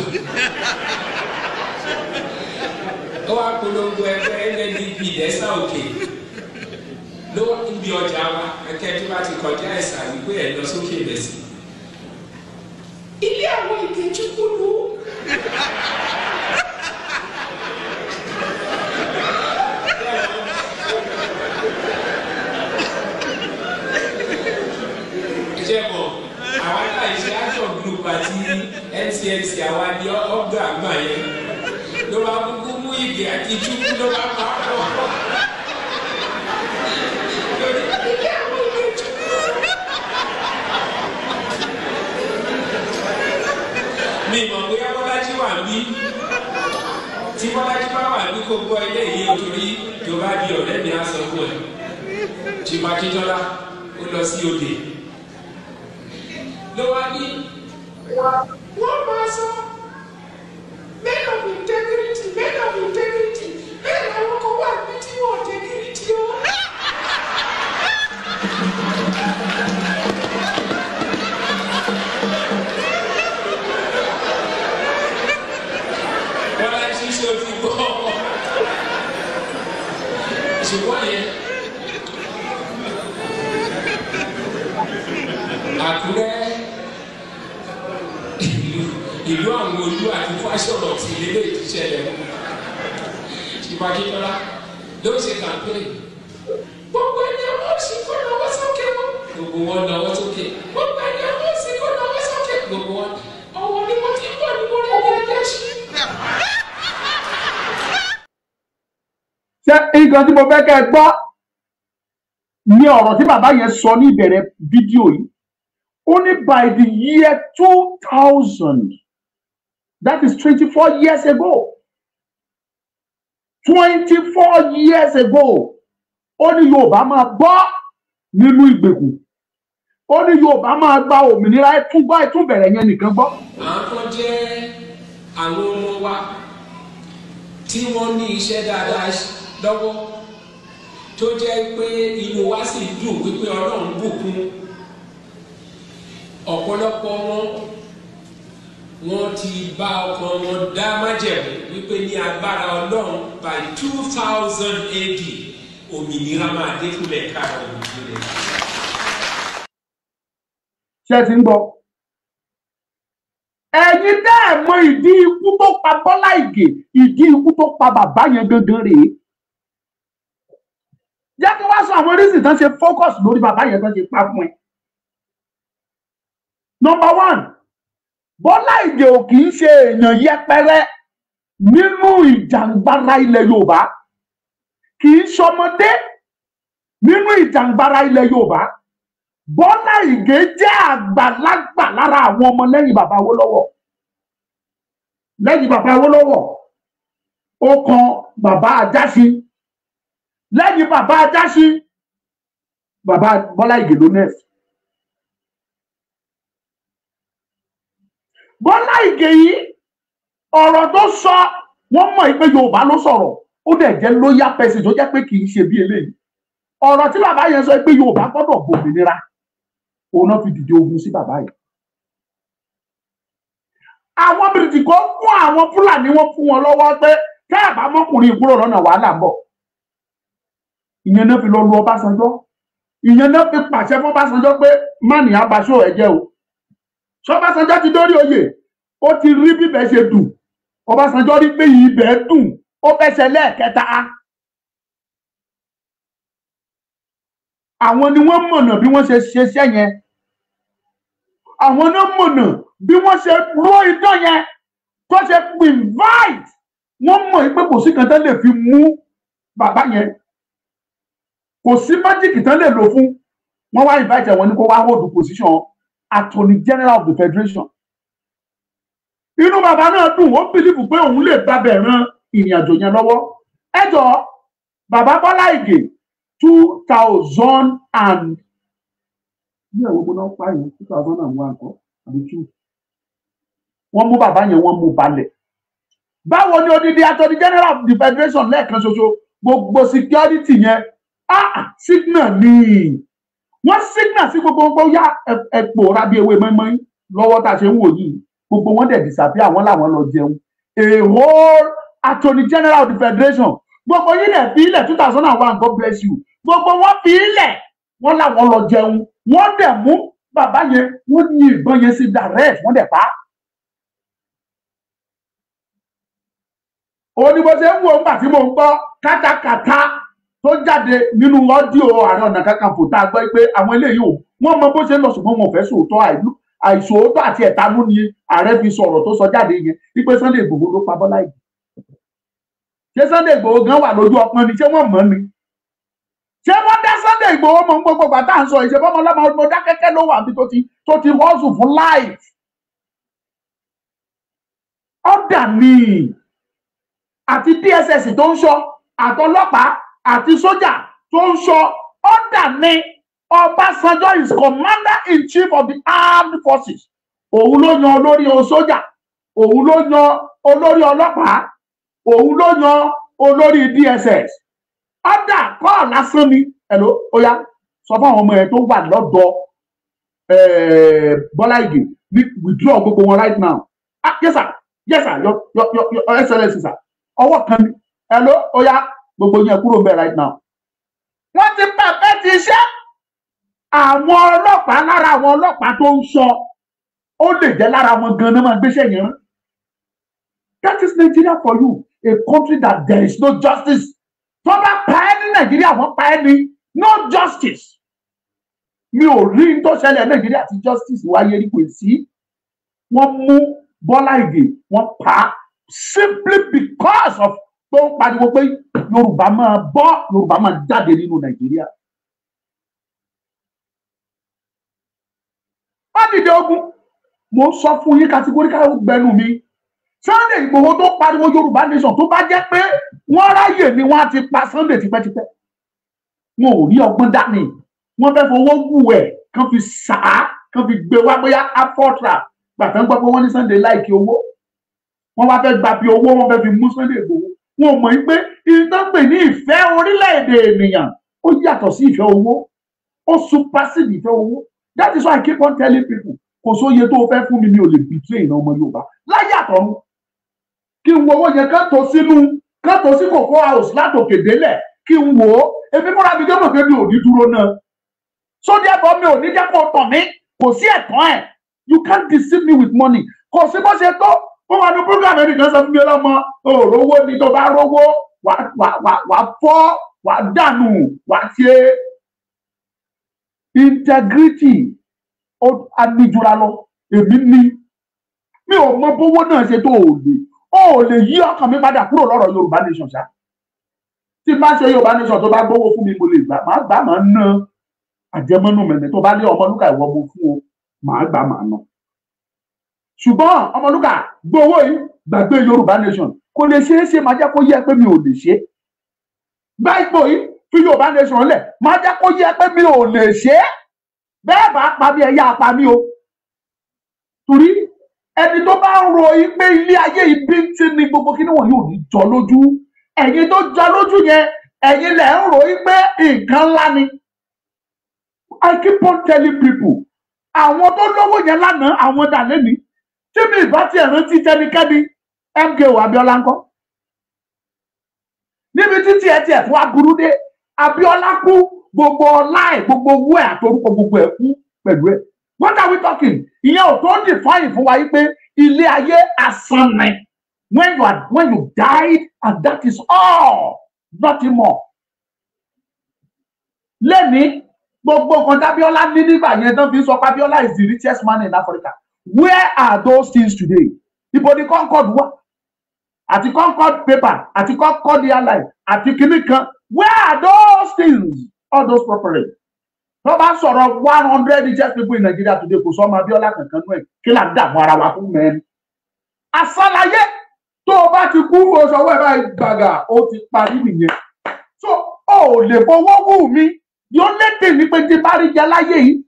ó wá polongo ẹgbẹ́ ndp lẹ́sà òkè ló ń bi ọjà wa ẹ̀kẹ́ tó bá ti kọjá ẹ̀sà wípé ẹ̀ lọ sókè bẹ̀sì ilé àwọn ìkejì kúlú. jẹ́bọ̀ àwa náà ṣe action group àti NCNC àwa di ọgbà àgbà yẹn ló bá kúkú mú ìgbé àti ìtúkú ló bá pa ọ́. bí tí bọ́lájí bá wà ní kó gbọ́ ilé yìí nítorí tó bá di ọ̀rẹ́ mi á sọ fún ẹ tí makíjọ́lá ó lọ sí òde ló wá ní wọ́n máa sọ. ẹ gbọ́ ni ọ̀rọ̀ tí bàbá yẹn sọ ní ìbẹ̀rẹ̀ fídíò yìí ó ní by the year two thousand that is twenty four years ago twenty four years ago ó ní Yorùbá máa bọ́ nínú ìgbèkùn ó ní Yorùbá máa gba òmìnira ẹtúgbọ́ ẹtúbẹ̀rẹ̀ yẹn nìkan gbọ́. àákọ́ jẹ́ àwọn ọmọ wa tí wọ́n ní iṣẹ́ dáadáa lọ́wọ́ tó jẹ́ pé inú wa sì dùn wípé ọlọ́run bùkún ọ̀pọ̀lọpọ̀ wọn wọ́n ti bá ọkàn wọn dá májẹ̀mú wípé ní agbára ọlọ́run by two thousand AD òmìnira máa dé fún ẹ̀ka òmìnira. ṣé ti ń bọ̀ ẹ̀yin dẹ́ ẹ̀ mọ ìdí ikú tó pa Bọ́lá Ìgè ìdí ikú tó pa bàbá yẹn gangan rèé jẹ́ kí wọ́n sọ àwọn reason tán ṣe focus lórí bàbá yẹn tán ṣe pa fún ẹ. number one Bọ́lá Ìgè ò kì í ṣe èèyàn yẹpẹrẹ nínú ìjàngbara ilẹ̀ Yorùbá kì í ṣọmọdé nínú ìjàngbara ilẹ̀ Yorùbá Bọ́lá Ìgè jẹ́ àgbàlagbà lára àwọn ọmọ lẹ́yìn bàbá Awólọ́wọ̀ lẹ́yìn bàbá Awólọ́wọ̀ ó kan bàbá Àjàṣin lẹ́yìn bàbá adásí bàbá Bọ́lá Ìgè ló nẹ́ẹ̀sì. Bọ́lá Ìgè yìí ọ̀rọ̀ tó sọ wọ́n mọ̀ pé Yorùbá ló sọ̀rọ̀ ó dẹ̀ jẹ́ lóyà pẹ̀sì tó jẹ́ pé kì í ṣe bí eléyìí ọ̀rọ̀ tí bàbá yẹn sọ pé Yorùbá gbọ́dọ̀ gbòmìnira òun náà fi dìde ogun sí bàbá yẹn àwọn bìrìtì kan fún àwọn Fúlàní wọn fún wọn lọ́wọ́ pé kẹ́ ẹ̀ lọ́nà wàhálà ń bọ̀ ìyẹn náà fi lọ lu Ọbásanjọ́ ìyẹn náà fi pàṣẹ fún Ọbásanjọ́ pé má nìyà abaṣọ ẹ jẹ o ṣọbásanjọ́ ti dórí oyè ó ti rí bíbẹ ṣe dùn Ọbásanjọ́ rí pé ibẹ̀ dùn ó fẹsẹ̀ lẹ́ẹ̀kẹta àwọn ni wọ́n mọ̀nà bí wọ́n ṣe ṣeṣẹ́ yẹn àwọn náà mọ̀nà bí wọ́n ṣe ró idán yẹn tó ṣe invite wọ́n mọ̀ pé kò sí kan tán lè fi mú bàbá yẹn kò sí májíkì tán lè lò fún wọn wá invite wọn ní kó wá hold position attorney general of the federation inú bàbá náà dùn ó bìlìfù pé òun lè gbabẹ̀ ran ìrìn àjò yẹn lọ́wọ́ ẹ jọ bàbá Bọ́lá Ìgè two thousand and bí ẹ̀wọ̀n gbọ́dọ̀ ń pa yẹn two thousand and one kọ́ àbí two wọ́n mú bàbá yẹn wọ́n mú balẹ̀ báwo ni odidi attorney general of the federation lẹ́ẹ̀kan ṣoṣo gbogbo security yẹn ah signal ni wọ́n signal sí gbogbo wọn pé ó yá ẹpò rabi ewé mọ́ínmọ́ín lọ́wọ́ tá a ṣe ń wò yìí gbogbo wọn dẹ̀ disappear àwọn làwọn lọ jẹun èèwọ̀ attorney general of the federation gbogbo yín lẹ̀ fi ilẹ̀ two thousand and one God bless you gbogbo wọn fi ilẹ̀ wọn làwọn lọ jẹun wọ́n dẹ̀ mú bàbá yẹn wọ́n ní ìbọn yẹn sí direct wọ́n dẹ̀ pa á. òun ni mo ṣe ń wo nígbà tí mo ń gbọ́ kátàkátà tó jáde nínú ọ́díò Ààrẹ Ọ̀nà Kakanfò tá a gbọ́ pé àwọn eléyìí ò wọ́n mọ bó ṣe ń lọ ṣùgbọ́n wọn ò fẹ́ sòótọ́ àìsòótọ́ àti ẹ̀tanú ni ààrẹ fi sọ̀rọ̀ tó sọ jáde yẹn wípé Sunday Ìgbòho ló pa Bọ́lá Ìgbò ṣé Sunday Ìgbòho gan wà lójú ọpọ́n ni ṣé wọ́n mọ̀ ni ṣé wọ́n dá Sunday Ìgbòho mọ̀ gbogbo gbà tá à ń sọ ìṣe fọ́mọ ọlọ́mọ ọdún ọdún kẹ́kẹ́ ló wà tó ti tó ti hustle fún life ọ̀dà ni àti DSS tó ń sọ àtọlọ́pàá àti sójà tó ń sọ ọ̀dà ni Ọbásanjọ́ is commander in chief of the armed forces òun ló yan olórí sójà òun ló yan olórí ọlọ́pàá òun ló yan olórí DSS ọ̀dà kọ́ lásán ni ẹ̀ló ó yá sọ fún àwọn ọmọ ẹ̀ tó wà lọ́dọ̀ Bọ́lá Ìgè withdraw gbogbo wọn right now ah yes sir yes sir your your your your excellence sir ọwọ́ kan ni ẹ̀ló ó gbogbo yẹn kúrò bẹ́ẹ̀ right now. wọ́n ti pàpẹ́ ti iṣẹ́ àwọn ọlọ́pàá lára àwọn ọlọ́pàá tó ń sọ ó lè jẹ́ lára wọn gan máa gbéṣẹ́ yẹn rán. that is Nigeria for you a country that there is no justice tó bá pa ẹ́ ní Nàìjíríà wọ́n pa ẹ́ ní no justice mi ò rí n tó ṣẹlẹ̀ Nàìjíríà ti justice wáyé rí kò sí wọ́n mú Bọ́lá Ìgè wọ́n pa simply because of tó ń pariwo pé yorùbá máa bọ́ yorùbá máa jáde nínú nàìjíríà. wọ́n dìde ogun mo sọ fún yín kàtígóríkà gbẹnu mi Sunday Igboho tó pariwo yorùbá nation tó bá jẹ́ pé wọ́n ráyè ni wọ́n á ti pa Sunday tipẹ́tipẹ́ wọn ò rí ọgbọ́n dání wọ́n fẹ́ fowó wù ẹ̀ kán fi sàá kán fi gbé wá bóyá afọ́tra gbàtàn gbọ́ pé wọ́n ní Sunday láìkí owó wọ́n wá fẹ́ gbà bí owó wọ́n fẹ́ fi mú Sunday Igboho wọn mọ̀ pé ìtọ́pẹ̀ ní ìfẹ́ orílẹ̀-èdè ènìyàn ó yàtọ̀ sí ìfẹ́ owó ó supersede ìfẹ́ owó that is why I keep on telling people kò sóye tó fẹ́ fún mi mi ò lè betray ìran ọmọ Yorùbá láyé àtọ̀run kí n wo owó yẹn kán tó sínú kán tó sí kòkó house látòkè délẹ̀ kí n wò ó èmi múra mi jẹ́ mọ̀tẹ́bí ò ní dúró náà sódì ẹ̀bọ mi ò ní jẹ́ kó tàn mí kò sí ẹ̀tàn ẹ̀ you can't deceive me with money kò sí bó ṣe tó wọ́n wà ní program ẹni kan sọ fún mi ọlọ́mọ òrówó ni tó bá rówó wà fọ́ wà dànù wà ṣe integrity abijura lọ èmi ni mi ò mọ bówó náà ṣe tó o lè o lè yí ọkàn mi padà kúrò lọ́rọ̀ Yorùbá nation ṣá tí n bá ṣe Yorùbá nation tó bá gbówó fún mi mo lè gbà máa gbà máa ná àjẹmọ́nú mẹ̀mẹ́ tó bá lé ọmọlúkà ìwọ mo fún o máa gbà máa ná ṣùgbọ́n ọmọlúkà gbowó yìí gbàgbé yorùbá nation kò lè ṣeé ṣe máa jẹ́ kó yẹ pé mi ò lè ṣe gbá ipò yìí fi yorùbá nation lẹ̀ máa jẹ́ kó yẹ pé mi ò lè ṣe bẹ́ẹ̀ bá pa mí ẹ̀yà pa mí o torí ẹni tó bá ń ro yìí pé ilé ayé yìí bíntín ni gbogbo kí ni wọn yóò ní jọ lójú ẹ̀yin tó jọ lójú yẹn ẹ̀yin lẹ̀ ń ro yìí pé nǹkan ńlá ni I keep on telling people àwọn tó lówó yẹn lánàá àwọn dà lẹ́nìí tí mi ìbá tiẹ̀ rántí tẹnikẹ́ni MKO Abíọ́lá ńkọ́ níbi títí ẹ tiẹ̀ fún aburú dé Abíọ́lá kú gbogbo ọlá ẹ̀ gbogbo owó ẹ̀ àtorúkọ gbogbo ẹ̀ kú pẹ̀lú ẹ̀ what are we talking ìyẹn ò tó define fún wa yìí pé ilé ayé asán ni when you are when you died and that is all nothing more lẹ́ni gbogbo nǹkan tábíọ́lá ní nígbà yẹn tán fi sọ pé Abíọ́lá is the richest man in Africa where are those things today ibo ni concord wà àti concord paper àti concord airline àti kìnnì kan where are those things all those properties tó bá sọ̀rọ̀ one hundred richest people in Nigeria today kò sọ ọmọ Abiola kankan nú ẹ̀ kí là ń dààmú ara wa fún mẹ́rin àsálàyé tó o bá ti kú oṣooṣù ẹ̀ báyìí gbàgà ó ti parí nìyẹn so o ò lè fowó wù mí yóò lédè ní pé ti bá rí jẹ láyé yìí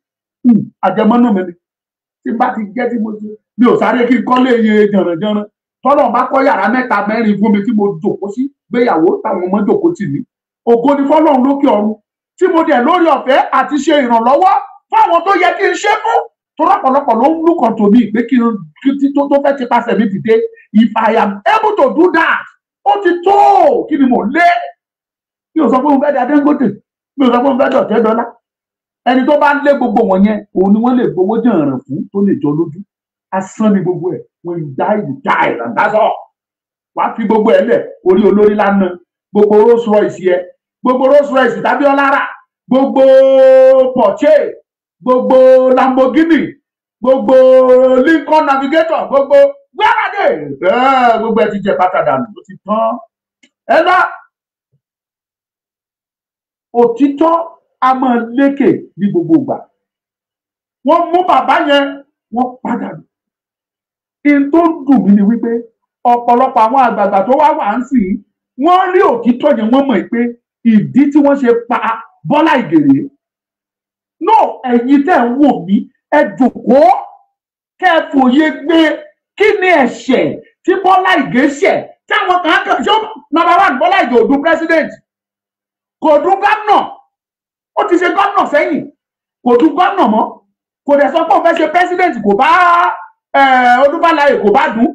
hmm, àjẹmọ́nú mi ni tí bá ti jẹ́ tí mo ti mi ò sáré kí n kọ́lé yẹn jànrànjànràn tọ́lọ̀ bá kọ́ yàrá mẹ́ta mẹ́rin fún mi tí mo jòkó sí gbéyàwó táwọn ọmọ jòkó tì mí ògo ni fọlọ́run lókè ọ̀run tí mo dẹ̀ lórí ọ̀fẹ́ àti ṣe ìrànlọ́wọ́ fáwọn tó yẹ kí n ṣe fún torí ọ̀pọ̀lọpọ̀ ló ń lùkàn tò mí pé kí n tí tó fẹ́ ti pàṣẹ mi dìde if I am able to do that ó ti tó kí ni mò ń lé mi ò sọ pé mo fẹ́ di Adéńgòtè mi ò sọ pé mo fẹ́ dọ̀tẹ́ dọ́là ẹni tó bá ń lé gbogbo wọn yẹn òun ni wọ́n lè gbowó jàǹràn fún tó lè jọ lójú asán ni gbogbo ẹ̀ when you die you die and that's all wàá fi gbogbo ẹ̀ lẹ̀ orí olórí lánàá gbogbo Rolls Royce yẹ gbogbo Rolls Royce tàbí ọlára gbogbo Porsche gbogbo Lamborghini gbogbo Lincoln Navigator gbogbo gbẹ́rẹ́dẹ́ bẹ́ẹ̀ eh, gbogbo ẹ ti jẹ pátádà nù ó ti tán ẹ lọ òtítọ́ a máa lékè ní gbogbo ìgbà wọ́n mú bàbá yẹn wọ́n padà nù in tó dùn mí ni wípé ọ̀pọ̀lọpọ̀ àwọn àgbààgbà tó wá wà ń sìn wọ́n rí òkìtọ́ yẹn wọ́n mọ̀ pé ìdí tí wọ́n ṣe pa Bọ́lá Ìgèrè no ẹ̀yin tẹ́ ń wò mí ẹ jòkóó kẹ́ ẹ fòye gbé kí ni ẹ̀ṣẹ̀ tí Bọ́lá Ìgè ṣẹ̀ táwọn kan kàn ṣé nàbà wà Ìgè ò dùn president kò dùn gómìnà ó ti ṣe gómìnà sẹ́yìn kò tún gómìnà mọ́ kò dẹ̀ sọ pé òun fẹ́ ṣe president kò bá Odúbálayè kò bá dùn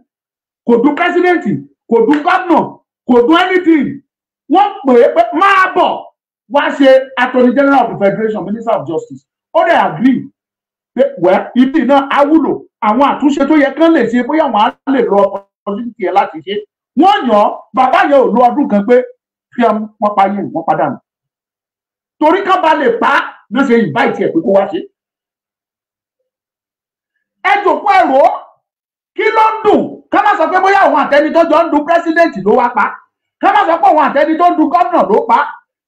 kò dùn president kò dùn gómìnà kò dùn anything wọ́n pè é pé máa bọ̀ wá ṣe attorney general of the federation minister of justice ó dẹ̀ agree pé wẹ́ ibi náà á wúlò àwọn àtúnṣe tó yẹ kán lè ṣe bóyá wọn á lè lọ ọdún tiẹ̀ láti ṣe wọ́n yàn bàbá yẹn ò lo ọdún kan pé fi wọn pa yẹn wọn padà nù torí ká ba lè pa náà ṣe invite ẹ pé kó wá ṣe ẹ jòkó ẹ̀rọ kí ló ń dùn ká má sọ pé bóyá àwọn àtẹni tó jọ ń du president ló wá pa ká má sọ pé àwọn àtẹni tó ń du gómìnà ló pa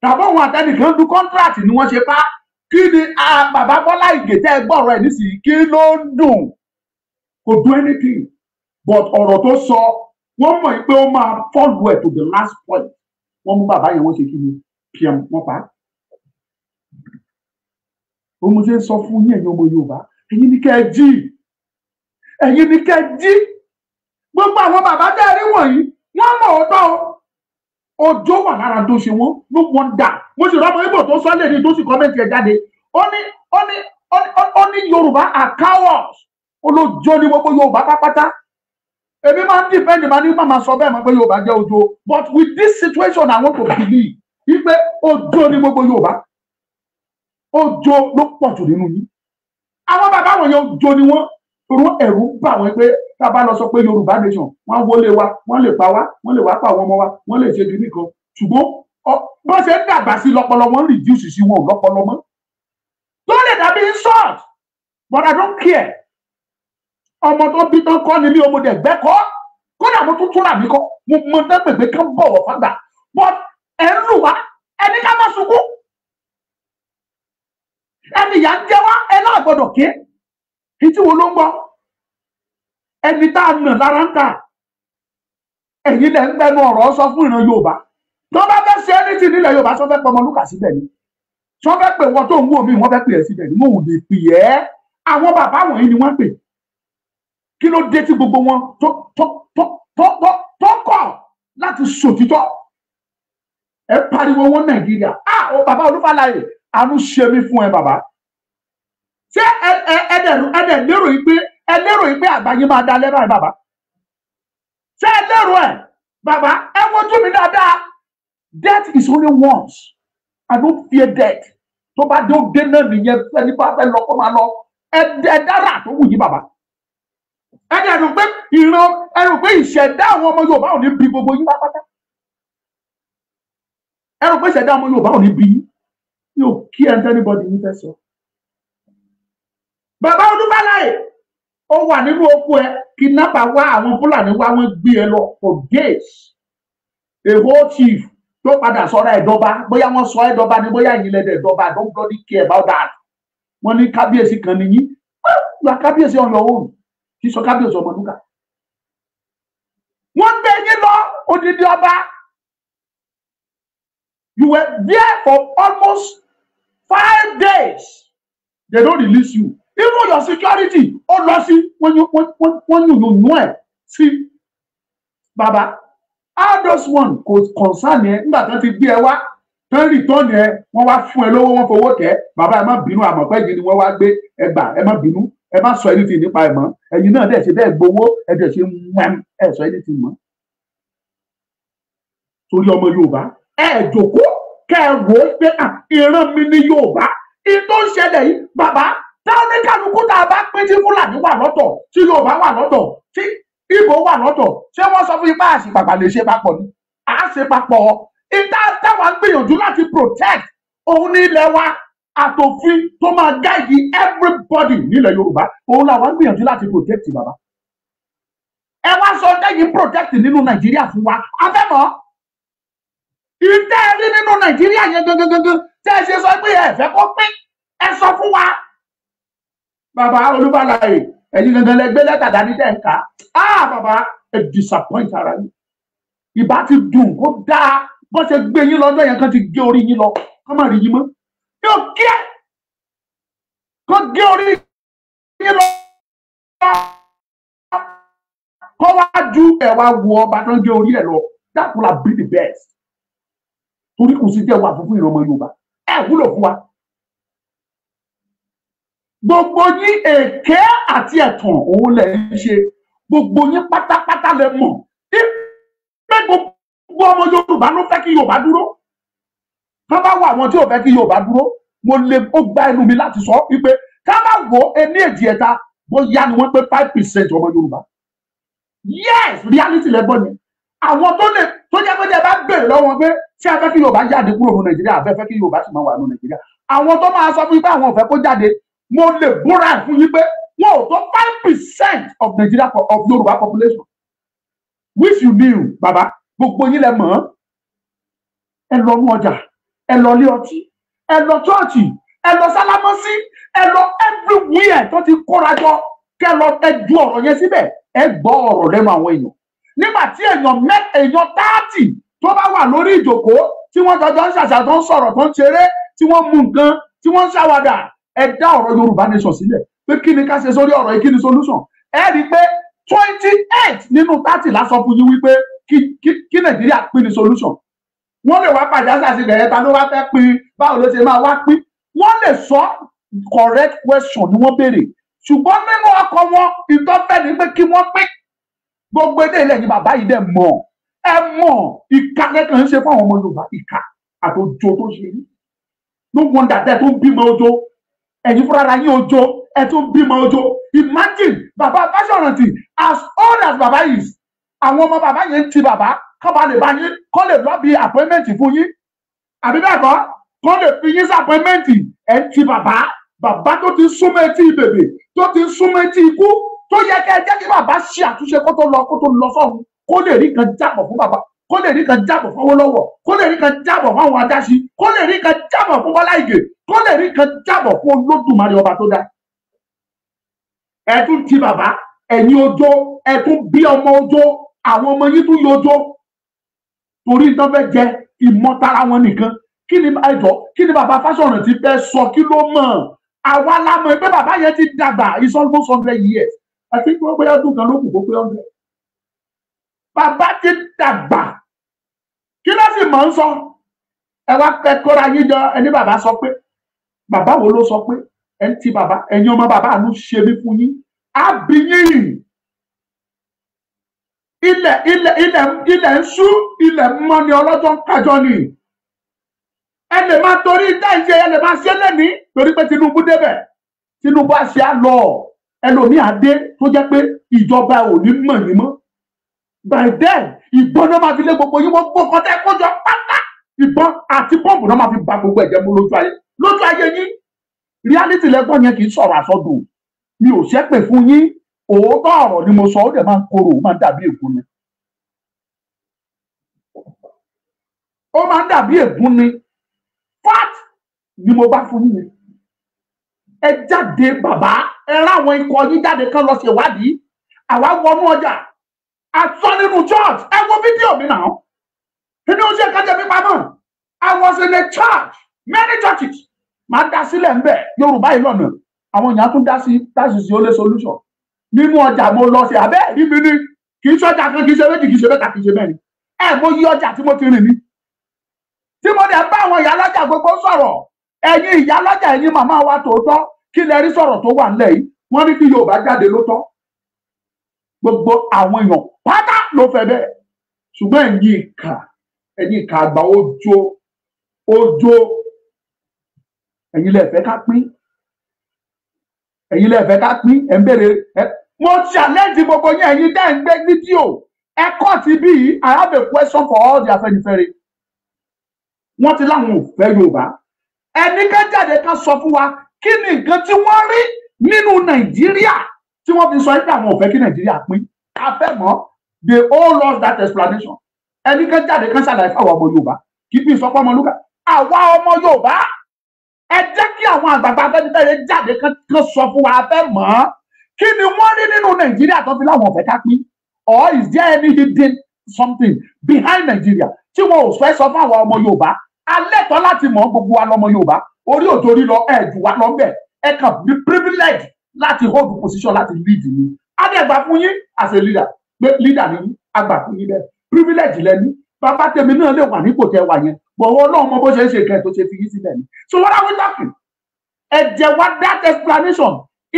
tàbí àwọn àtẹni kan ń du contract ni wọ́n ṣe pa kí ni bàbá Bọ́lá Ìgè tẹ́ ẹ gbọ́rọ̀ ẹ̀ nísìnyí kí ló ń dùn kò dùn anything but ọ̀rọ̀ tó sọ wọ́n mọ̀ pé ó máa follow ẹ̀ to the last point wọ́n mú bàbá yẹn wọ́n ṣe kí ni pm wọ́n pa á ó mo ṣe ń sọ fún yín ẹ̀yin ọmọ Yorùbá ẹ̀yin ní kẹ́ ẹ jí ẹ̀yin ní kẹ́ ẹ jí gbogbo àwọn bàbá dẹ́rẹ́ wọ̀nyí wọ́n mọ̀ ọ́ tọ́ ọjọ́ wà lára tó ṣe wọ́n ló wọ́n dà mo sì rọ́mọ ibò tó sọ́lé ní tó sì kọ́mẹ́ntì ẹ̀ jáde ó ní ó ní ó ní Yorùbá are cowards olójó ni gbogbo Yorùbá pátápátá èmi máa ń dìpẹ́ndì máa ní màmá sọ bẹ́ẹ̀ mọ́ pé Yorùbá jẹ́ ojo but with this situation I want to believe wípé ojo ni gbogbo Yorùbá ojo ló pọ̀ jù nínú yín àwọn bàbá wọn yẹn ojo ni wọn toró ẹ̀rù bà wọn pé tá a bá lọ sọ pé yorùbá nation wọn wọlé wa wọn lè pa wa wọn lè wá pa àwọn ọmọ wa wọn lè ṣe kiri kan ṣùgbọ́n bó ṣe ń dàgbà sí lọ́pọlọ wọn reduce sí wọn lọ́pọlọ mọ́ tó lè dàbí insult but i don't care ọmọ tó bí tán kọ́ ni mí ọmọdé ẹgbẹ́ kọ́ kódà mo tún túnra mi kọ́ mo mọ dágbègbè kan bọ̀wọ̀ fàgbà but ẹ̀ ń lù wá ẹni ká má sunkún ẹni yà ń jẹ wá ẹ náà gbọ́dọ̀ ké ìtí wo ló ń gbọ́ ẹni tá a nà lára ń tà ẹ̀yin lẹ ń gbẹnu ọ̀rọ̀ sọ fún ìran Yorùbá tó bá fẹ́ ṣe ẹni tì nílẹ̀ Yorùbá sọ fẹ́ pọmọ lúkà síbẹ̀ ni sọ fẹ́ pè wọ́n tó ń wò mí wọ́n fẹ́ pè ẹ́ síbẹ̀ ni mo ò lè pè ẹ́ àwọn bàbá wọ̀nyí ni wọ́n pè kí ló dé tí gbogbo wọn tó tó tó tó tó kọ̀ láti sòtítọ́ ẹ pariwo wọn Nàìjíríà ah o bàbá Olúfàlàyé àánú ṣe mí fún ẹ bàbá ṣé ẹ ẹ ẹ dẹ̀ lérò yìí pé ẹ lérò yìí pé àgbáyé máa da lẹ́rọ ẹ bàbá ṣé ẹ lérò ẹ bàbá ẹ wojú mi dáadáa death is only once I don't fear death tó bá dé ó dé náà nìyẹn ẹni bá fẹ́ lọ kó máa lọ ẹ ẹ dára tó wù yí bàbá ẹ dẹ̀ rò pé ìran ẹ rò pé ìṣẹ̀dá àwọn ọmọ Yorùbá ò ní bí gbogbo yín pátápátá ẹ rò pé ìṣẹ̀dá ọmọ Yorùbá ò ní bí yín mi ò kí ẹ tẹ́nibọ́dì yín fẹ́ sọ. bàbá olúbáláyè ó wà nínú oko ẹ kidnap wá àwọn fúlàní wá wọn gbé ẹ lọ for days èwo chief tó padà sọra ẹdọba bóyá wọn sọ ẹdọba ni bóyá ìyìnlẹ ẹdọba don't bloody care about that wọn ní kábíyèsí kan nìyí gba ah, kábíyèsí ọyọ òòrùn kì í sọ kábíyèsí ọmọlúkà wọn gbé yín lọ odidi ọba you were there for almost five days they don't release you even your security ó lọ sí wọ́n yùn yùn ẹ̀ sí baba how does one go concern ẹ nígbà tó ti gbé ẹ wá tó ń rìtọ́ọ̀nù ẹ wọ́n wá fún ẹ lówó wọ́n fowó tẹ̀ baba ẹ má bínú àmọ̀pẹ́ yìí ni wọ́n wá gbé ẹ gbà ẹ má bínú ẹ má sọ anything nípa ẹ mọ́ ẹ̀yin náà dẹ̀ ṣe bẹ́ẹ̀ gbowó ẹ dẹ̀ ṣe mú ẹ sọ anything mọ́ torí ọmọ Yorùbá ẹ jókòó kẹ́ ẹ wò ó pé ah, ìran mi ni Yorùbá ìtò ń ṣẹlẹ̀ yìí bàbá táwọn oníkàlùkù tá a bá pín tí Fúlàní wà lọ́tọ̀ tí Yorùbá wà lọ́tọ̀ tí Ìgbò wà lọ́tọ̀ ṣé wọ́n sọ fún yín bá àṣìpàpà lè ṣe papọ̀ ni à ṣe papọ̀ ìta táwa ń gbìyànjú láti protect òun ní ilẹ̀ wa àtòfin tó máa gáìdì everybody nílẹ̀ Yorùbá òun làwọn ń gbìyànjú láti protect bàbá ẹ wá sọ ọdẹ yìí protect nínú Nàìjíríà fún wa afẹ́mọ́ ìtẹ́ rí nínú nàìjíríà yẹn gangan gangan tẹ́ ẹ ṣe sọ pé ẹ fẹ́ kó pín ẹ sọ fún wa. bàbá olúbalàyè ẹ̀yin gangan lẹ gbé lẹ́tà dání tẹ̀ ń kà á ah, bàbá ẹ disappoint ara yín ìbá ti dùn kó dáa bó ṣe gbé yín lọ́dọ̀ yẹn kán ti gé orí yín lọ kán má rí yín mọ́ yóò kí ẹ kán gé orí yín lọ kó wá ju ẹ̀wà wọ ọba tó ń gé orí ẹ̀ lọ that would have been the best torí kò sí jẹ́ wà fún ìrọmọ Yorùbá ẹ wúlò fún wa. gbogbo yín èké àti ẹ̀tàn òun lẹ̀ ń ṣe gbogbo yín pátápátá lẹ mọ̀ pé gbogbo ọmọ Yorùbá ló fẹ́ kí Yorùbá dúró tó bá wà àwọn tí ò fẹ́ kí Yorùbá dúró mo lè ó gba ẹnu mi láti sọ wípé ká bá wò ó ẹni èjì ẹ̀ta bóyá ni wọ́n pé five percent ọmọ Yorùbá yes reality lẹ́gbọ́n ni àwọn tó lè tó jẹ́ pé ẹ bá bèrè lọ́wọ́ pé ṣé a fẹ́ kí Yorùbá jáde kúrò ní Nàìjíríà a fẹ́ kí Yorùbá sì máa wà ní Nàìjíríà àwọn tó máa sọ fún yín pé àwọn ò fẹ́ kó jáde mo lè búra fún yín pé wọn ò tó five percent of Nigeria of Yorùbá population which you knew Baba. gbogbo yín lẹ mọ̀ ẹ lọ nú ọjà ẹ lọ lé ọtí ẹ lọ chọọchì ẹ lọ sálámọsí ẹ lọ everywhere tó ti kóra jọ kẹ lọ ẹ ju ọ̀rọ̀ yẹn síbẹ̀ ẹ gbọ́ ọ̀rọ̀ lẹ́nu àwọn èèyàn nígbà tí èèyàn mẹ èèyàn táàtì tó bá wà lórí ìjòkó tí wọ́n jọjọ ń ṣàṣà tó ń sọ̀rọ̀ tó ń ṣeré tí wọ́n mú nǹkan tí wọ́n ń ṣàwádà ẹ dá ọ̀rọ̀ Yorùbá nation sílẹ̀ pé kí ni ká ṣe sórí ọ̀rọ̀ yìí kí ni solution ẹ rí i pé twenty eight nínú thirty lásán fún yín wípé kí Nàìjíríà pín ni solution wọ́n lè wá pàjáṣà sí bẹ̀rẹ̀ ta ló wá fẹ́ pín báwo ló ṣe máa wá pín wọ́n lè sọ correct question ni wọ́n béèrè ṣùgbọ́n nínú ọkọ̀ wọn ìtọ́fẹ́ ni pé kí wọ́n pín gbogbo ilé ilẹ̀ ni bàbá yìí dẹ̀ mọ̀ ẹ mọ̀ ìka lẹ́kàn ń ṣe fún àwọn ọmọ Yorùbá ìka àtòjò tó ṣe rí ló wọn dàdẹ́ tó ń bímọ ojo ẹ̀yin fúnra ara yín ojo ẹ tó ń bímọ ojo imagine bàbá Fáṣọ̀rántì as old as Baba is àwọn ọmọ Baba yẹn ń ti bàbá kọ́ba lè bá yín kọ́ lè lọ́ bí appointment fún yín àbí bẹ́ẹ̀ kọ́ kọ́ lè fi yín sí appointment ẹ̀ ń ti bàbá bàbá tó ti súnmọ́ etí bèbè tó ti súnmọ́ etí ikú tó yẹ kẹ́ ẹ jẹ́ kí bàbá ṣe àtúnṣe kó tó lọ kó tó lọ sọ́run kó lè rí kan jábọ̀ fún bàbá kó lè rí kan jábọ̀ fún Awólọ́wọ̀ kó lè rí kan jábọ̀ fún àwọn adáṣí kó lè rí kan jábọ̀ fún Bọ́lá Ìgè kó lè rí kan jábọ̀ fún Olódùmarè ọba tó dá ẹ tún ti bàbá ẹ̀yin ojó ẹ tún bí ọmọ ojó àwọn ọmọ yín tún yọjó torí tán fẹ́ jẹ ìmọ̀tara wọn nìkan kí ni ẹjọ́ kí ni bàbá Fáṣọ̀rántì fẹ́ sọ kí ló mọ̀ àwa la mọ̀ bàbá yẹn ti dàgbà it's almost hundred years àti pé ó gbé ọdún kan ló kù kó pé hundred bàbá ti dàgbà kí ló sì mọ̀ ń sọ ẹ wá pẹ kóra yín jọ ẹni bàbá sọ pé bàbá wo ló sọ pé ẹ ń ti bàbá ẹ̀yin ọmọ bàbá àánú ṣe mí fún yín á bí yín ilẹ̀ ilẹ̀ ilẹ̀ ilẹ̀ ń sú ilẹ̀ ń mọ́ ni ọlọ́jọ́ ń kájọ ni ẹ lè máa torí dáìjẹ ẹ lè máa ṣe lẹ́ni torí pé Tinubu débẹ̀ Tinubu àṣẹ àlọ́ ẹlòmíà dé tó jẹ́ pé ìjọba ò ní mọ̀ ní mọ́ by then ìbọn náà máa fi lé gbogbo yín wọ́n gbọ́ kọ́tẹ́ kójọ pátá ìbọn àti pọ́ǹpù náà máa fi ba gbogbo ẹ̀jẹ̀ mu lójú ayé lójú ayé yín reality lẹ́gbọ́n yẹn kì í sọ̀rọ̀ àsọdùn mi ò ṣépè fún yín òótọ́ ọ̀rọ̀ ni mo sọ ó dẹ̀ máa ń korò ó máa ń dàbí ègún ni ó máa ń dàbí ègún ni fat ni mo bá fún yín ẹ jáde bàbá ẹ ráwọn ikọ̀ yín jáde kán lọ ṣèwádìí àwa wọnú ọjà àtọ nínú church ẹ wo fídíò mi náà nínú oṣù kájẹ mi pamọ́ I was in a church many churches máa dá sílẹ̀ ń bẹ̀ Yorùbá Ìlọrin àwọn èèyàn tún dá sí dáṣì sí olè solution nínú ọjà mo lọ sí abẹ́ ẹ̀rí mi ni kì í ṣọjà kan kì í ṣe méjì kì í ṣe mẹ́ta kì í ṣe mẹ́rin ẹ mo yí ọjà tí mo ti rìn ní tí mo dẹ̀ bá àwọn ìyálọ́jà gbogbo sọ̀rọ̀ ẹ̀yin ìyálọ́jà ẹ̀yin màmá wa tòótọ́ kí lẹ rí sọ̀rọ̀ tó wà nílẹ̀ yìí wọ́n ní bí Yorùbá jáde ló tọ́ gbogbo àwọn èèyàn pátá ló fẹ́ bẹ́ẹ̀ ṣùgbọ́n ẹ̀yin ìkà ẹ̀yin ìkà àgbà ojo ojo ẹ̀yin lẹ fẹ́ ká pín ẹ̀yin lẹ fẹ́ ká pín ẹ ń bèrè ẹ mo challenge gbogbo yín ẹ̀yin dẹ́ ń gbé fídíò ẹ kọ́ ti bí yìí I have a question for all the Afẹ́nifẹ́re wọ́n ti láwọn ò fẹ́ Yorùbá ẹnì kan jáde ká sọ fún wa kí ni nǹkan tí wọ́n rí nínú Nàìjíríà tí wọ́n fi sọ pé àwọn ò fẹ́ kí nàìjíríà pín a fẹ́ mọ̀ they all lost that explanation ẹni kan jáde kan ṣàlàyé fáwọn ọmọ yorùbá kì í bí ìsọpọ̀ ọmọ lúkà àwa ọmọ yorùbá ẹ jẹ́ kí àwọn àgbààgbà afẹ́nifẹ́re jáde kan sọ fún wa a fẹ́ mọ̀ kí ni wọ́n rí nínú nàìjíríà tó fi láwọn ò fẹ́ ká pín or is there any hidden something behind Nigeria tí wọn ò fẹ́ sọ fún àwọn ọmọ Yorùbá alẹ́tọ̀ọ́ láti mọ̀ gbogbo wa lọ́mọ Yorùbá orí òtòrí lọ ẹ̀ jù wá lọ bẹ̀ ẹ kàn bí privilege láti hold position láti lead ni a dẹ̀ gbà fún yín as a leader pé leader ni a gbà fún yín bẹ́ẹ̀ privilege lẹ́ni bàbá tèmi náà lè wà nípò tẹ wà yẹn bọ̀wọ́ ọlọ́run mọ bó ṣe ń ṣe nǹkan tó ṣe fi yín sílẹ̀ ni so what are we talking ẹ jẹ́ wá that explanation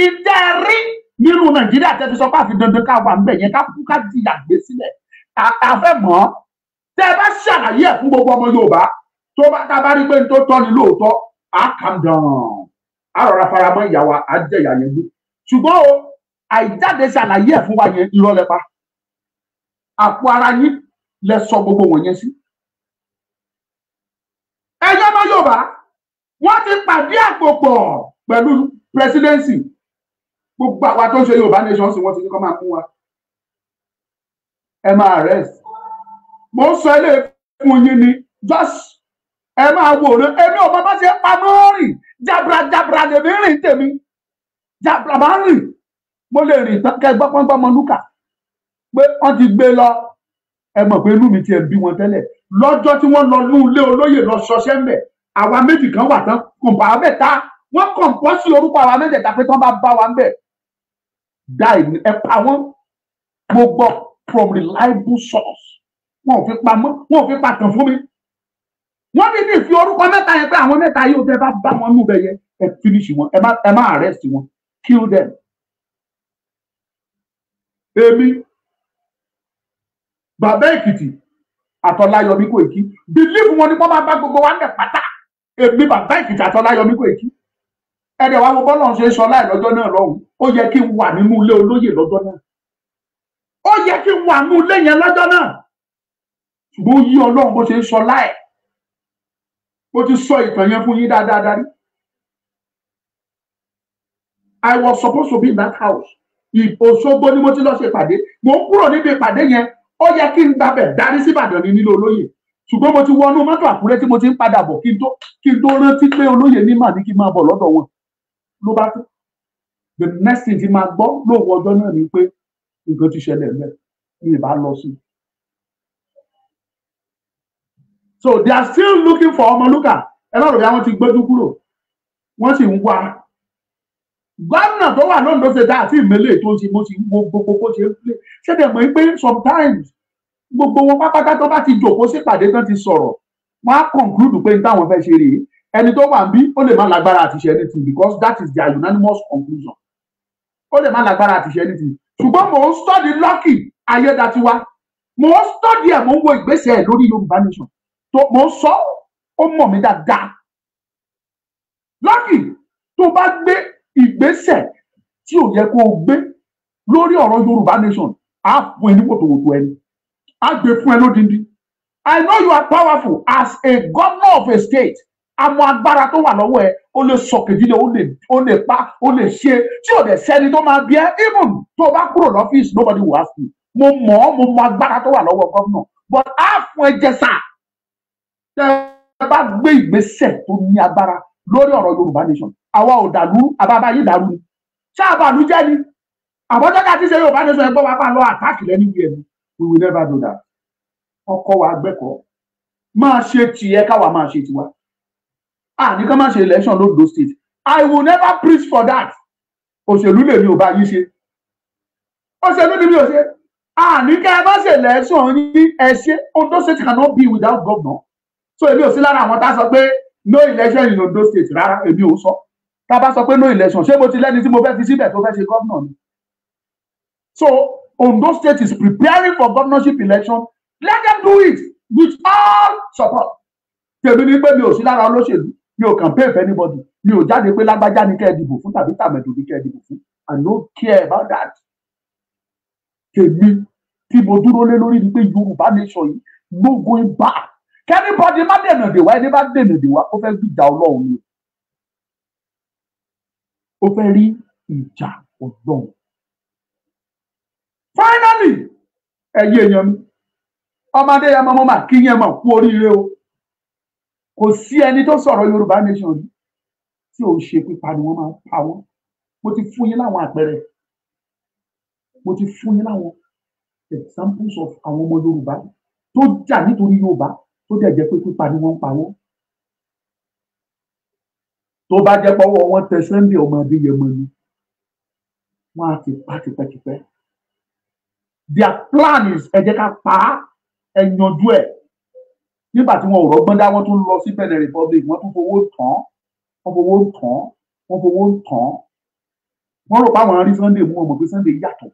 ìdẹ́ rí nínú nàìjíríà tẹ́ fi sọ pé àfi dandan ká wà níbẹ̀ yẹn ká kú ká di àgbé sílẹ̀ àfẹ́ mọ́ tẹ́ ẹ bá ṣàlàyé ẹ̀ fún gbogbo ọmọ yorùbá tó bá tá a bá rí pé n tó tọ́ ni lóòótọ́ á calm down àrọ̀ra faramọ́ ìyàwó àjẹyà yẹn gbé ṣùgbọ́n o àìjáde ṣàlàyé ẹ̀ fún wa yẹn irọ́ lẹ́pa àpò ara yín lẹ sọ gbogbo wọ̀nyẹn sí. ẹjọ́ náà yóò bá ti pàdé àpò pọ̀ pẹ̀lú presidency gbogbo àwa tó ń ṣe Yorùbá nation sí wọ́n ti ní kọ́ máa mú wa ẹ máa rest mo ń sọ eléyìí fún yín ni just ẹ máa wòran èmi ò bá bá ṣe pamọ́ rìn jabrajabra lèmi rìn tèmi jabra máa ń rìn mo lè rìn kẹ gbọ́ pọ́npọ́n mọ lúkà pé wọ́n ti gbé lọ ẹ mọ̀ pé inú mi ti ẹ̀ bí wọn tẹ́lẹ̀ lọ́jọ́ tí wọ́n lọ ní ilé olóyè lọ ṣọṣẹ́ ń bẹ̀ àwa méjì kan wà tán kòǹpà mẹ́ta wọ́n kọ̀ǹpọ́ sí orúkọ àwa mẹ́tẹ̀ẹ̀ta pé tán bá bá wa ń bẹ̀ dáì ẹ pa wọ́n gbogbo from reliable source wọn ò fi pamọ́ wọn ò fi pa tàn fún mi wọ́n ní ní ìfi orúkọ mẹ́ta yẹn pé àwọn mẹ́ta yóò tẹ́ bá bá wọn nù bẹ́ẹ̀ yẹn ẹ finish wọn ẹ má ẹ má arrest wọn kill them. èmi bàbá èkìtì àtọ́láyọmí kò èkí believe wọn ni wọ́n máa bá gbogbo wa ń dẹ̀ pátá èmi bàbá èkìtì àtọ́láyọmí kò èkí ẹ̀dẹ̀ wa wo bọ́lọ̀ ṣe sọ láì lọ́jọ́ náà lọ́hùn ó yẹ kí n wà nínú ilé olóyè lọ́jọ́ náà ó yẹ kí n wà nínú ilé yẹn lọ́jọ́ náà ṣùgbọ́n ó yí ọlọ́run bó ṣe sọ láì mo ti sọ ìtàn yẹn fún yín dáadáa darí I was supposed to be in that house Òṣogbo ni mo ti lọ ṣe ìpàdé mo ń kúrò níbi ìpàdé yẹn ó yẹ kí n gbabẹ̀ darí sí Ìbàdàn ní nílò olóyè ṣùgbọ́n mo ti wọnú mọ́tò Àkúrẹ́ tí mo ti ń padà bọ̀ kí n tó kí n tó rántí pé olóyè ní màá ní kí n máa bọ̀ lọ́dọ̀ wọn ló bá tó the next thing ti máa gbọ́ lóòwò ọjọ́ náà ni pé nǹkan ti ṣẹlẹ̀ mẹ́ẹ̀ mi ì bá lọ sí i so they are still looking for ọmọlúkà ẹ lọ́rọ̀ bí àwọn ti gbẹ́jú kúrò wọ́n sì ń wá gómìnà tó wà lóńdó ṣe dá àti ìmẹ́lẹ̀ tó ṣe mo sì ń wo gbogbo bó ṣe ń pè ṣé dẹ̀ mọ̀ pé sometimes gbogbo wọn pápátá tó bá ti jòkó sípàdé tán ti sọ̀rọ̀ wọn á conclude pé táwọn fẹ́ ṣe rèé ẹni tó wà ń bí ó lè má lágbára àti ṣe anything because that is their unanimous conclusion ó lè má lágbára àti ṣe anything ṣùgbọ́n mò ń study Lucky Ayédatiwa mò ń study ẹ̀ mò ń wo ìgbésẹ̀ ẹ̀ lórí Yorùbá nation tó mò sọ ó mọ̀ mí dáadáa Lucky tó bá gbé ìgbésẹ̀ tí ò yẹ kó o gbé lórí ọ̀rọ̀ Yorùbá nation á fún ẹ ní wòtòwòtò ẹni á gbé fún ẹ lódindi I know you are powerful as a governor of a state àmọ́ agbára tó wà lọ́wọ́ ẹ ó lè sọ kejìlẹ ó lè pa ó lè ṣe tí ò dẹ̀ sẹ́ni tó máa bí ẹ even tó o bá kúrò lọ́fíìsì nobody will ask me. mo mọ̀ ọ́ mo mọ agbára tó wà lọ́wọ́ gómìnà but á fún ẹ jẹ sáà bá gbé ìgbésẹ̀ tó ní agbára lórí ọ̀rọ̀ yorùbá nation àwa ò dàlú àbábá yìí dàlú ni ṣáàbàlú jẹ́ ni àbọ̀jọ́ ká ti ṣe yorùbá nation ẹgbọ́n wa pa lọ àtàkì lẹ́nu ìwé ẹ̀mí we will never do that ọkọ wa gbẹ́kọ̀ọ́ máa ṣe tiẹ̀ káwa máa ṣe tiwa àní ká má ṣe election lódo state i will never preach for that òṣèlú lèmi ò bá yí ṣe òṣèlú ni mi ò ṣe àní ká ẹ má ṣe election yín ẹ ṣe ondo state cannot be without governor so èmi ò sí lára àwọn tá a sọ pé no election in Ondo state rárá èmi ò sọ tá a bá sọ pé no election ṣé mo ti lẹ́ni tí mo fẹ́ fi síbẹ̀ tó fẹ́ ṣe gómìnà ni so Ondo state is preparing for governorship election let them do it with all support tèmi ni pé mi ò sí lára olóṣèlú mi ò campaign for anybody mi ò jáde pé lágbájá ni kẹ́ ẹ dìbò fún tàbí tàmẹ̀dò ni kẹ́ ẹ dìbò fún I no care about that tèmi tí mo dúró lé lórí ni pé Yorùbá nation yìí no going back kẹ́nìbọ̀dì má dènà dè wá ẹni bá dènà dè wá ó fẹ́ gbìjà ọlọ́run ni ó fẹ́ rí ìjà ọlọ́run. finally ẹ̀yin èèyàn mi ọmọdé yẹn mọ́mọ́ máa kí yẹn mọ̀ kú oríire o kò sí ẹni tó sọ̀rọ̀ yorùbá nation yìí tí ò ń ṣe pípa ni wọ́n máa pa wọ́n mo ti fún yín láwọn àpẹẹrẹ mo ti fún yín láwọn examples of àwọn ọmọ yorùbá tó jà nítorí yorùbá tó dẹ̀ jẹ́ pé pípa ni wọ́n ń pa wọ́n tó bá jẹ́ pọ́wọ́ wọn tẹ Sunday ọmọ Adéyẹmọ ni wọ́n á ti pa tipẹ́tipẹ́ their plan is ẹ ká pa á ẹ yanjú ẹ̀ nígbà tí wọn ò rọ́gbọ́n dá wọ́n tún lọ sí Benin Republic wọ́n tún fowó tán wọ́n fowó tán wọ́n fowó tán wọ́n rò páwọn rí Sunday mú wọn mọ̀ pé Sunday yàtọ̀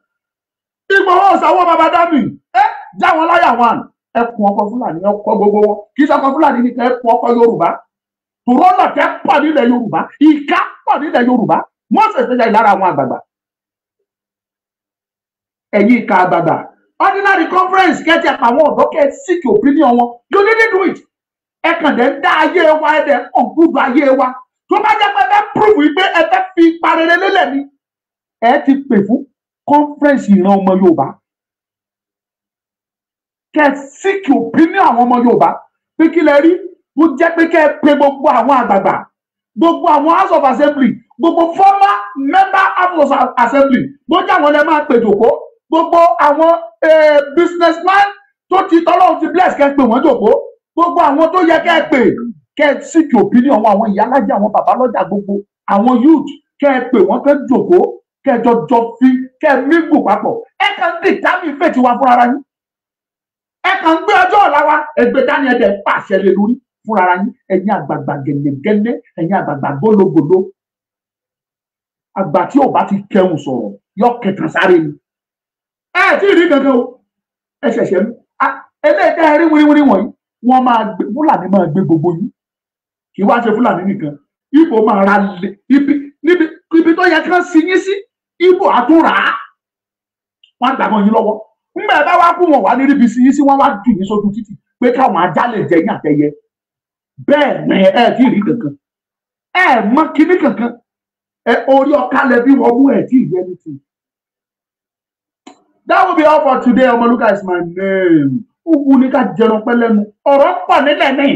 ìgbọ̀wọ́ ọ̀sán wọn bàbá dá mi ẹ já wọn láyà wọn ẹkùn ọkọ fúlàní ọkọ gbogbo wọn kì í ṣe ọkọ fúlàní nìkan ẹkùn ọkọ yorùbá tòrọ́nà tẹ pọ̀ nílẹ̀ yorùbá ìka pọ̀ nílẹ̀ yorùbá mọ́sẹ̀ ṣẹ̀ṣẹ̀ lára àwọn àgbààgbà ẹ̀yin ìka àgbààgbà ordinary conference kẹ́tì àpàwọn ọ̀dọ́ kẹ́ seek opinion wọn you need do it ẹ kàn dé ń dá ayé wa ẹ dẹ̀ kàn gbúdọ̀ ayé wa tó bá jẹ́ pé ẹ fẹ́ prove pé ẹ fẹ́ fi parẹ́rẹ́ lélẹ̀ ni ẹ ti pè fún conference ìran ọmọ yorùbá kẹ síkì opinion àwọn ọmọ yorùbá pé kí lẹ rí bó jẹ́ pé kẹ pe gbogbo àwọn àgbààgbà gbogbo àwọn house of assembly gboggo former member house of assembly bó jẹ́ àwọn lẹ máa pè jòkó gbogbo àwọn eh, businessman tó ti tọ́lọ́run ti bless kẹ pè wọ́n jòkó gbogbo àwọn tó yẹ kẹ pè kẹ síkì opinion àwọn àwọn ìyá alájà àwọn bàbá lọ́jà gbogbo àwọn youth kẹ pè wọ́n kẹ jòkó kẹ jọjọ fi kẹ mingle papọ̀ ẹ kàn dìtámì fèjì wa fúnra yín ẹ kàn ń gbé ọjọ́ ọ̀la wa ẹgbẹ́ dání ẹ̀dẹ̀ ń pàṣẹ lé lórí fúnra yín ẹ̀yin àgbààgbà gẹ̀lẹ́gẹ́lẹ́ ẹ̀yin àgbààgbà gbólógbòló àgbà tí ò bá ti kẹun sọ̀rọ̀ yọ kẹkàn sáré ni ẹ ti rí gangan o ẹ ṣẹ̀ṣẹ̀ mú ẹlẹ́ẹ̀dá ẹ rí wíríwírí wọ̀nyí wọ́n máa gbé fúlàní máa gbé gbogbo yín kì í wá ṣe fúlàní nìkan ibo máa ra lè ibi níbi ibi tó yẹ kí wọ́n sin yín sí ibo àtúnrà wọ́n á gbàgbọ́ yín lọ́wọ́ ńgbà bá wá kú wọn wá ní ríbi sí yín sí wọn wá jù yín sójú títì pé káwọn ajá jẹ yín àtẹyẹ bẹ́ẹ̀ ni ẹ tí rí kankan ẹ mọ kíní kankan ẹ orí ọkà lẹ wọn mú ẹ tí rí ẹni tì. That will be all for today Ọmọlúkà is my name ugu ni ká jẹran pẹ́ lẹ́nu ọ̀rọ̀ pọ̀ nílẹ̀ ní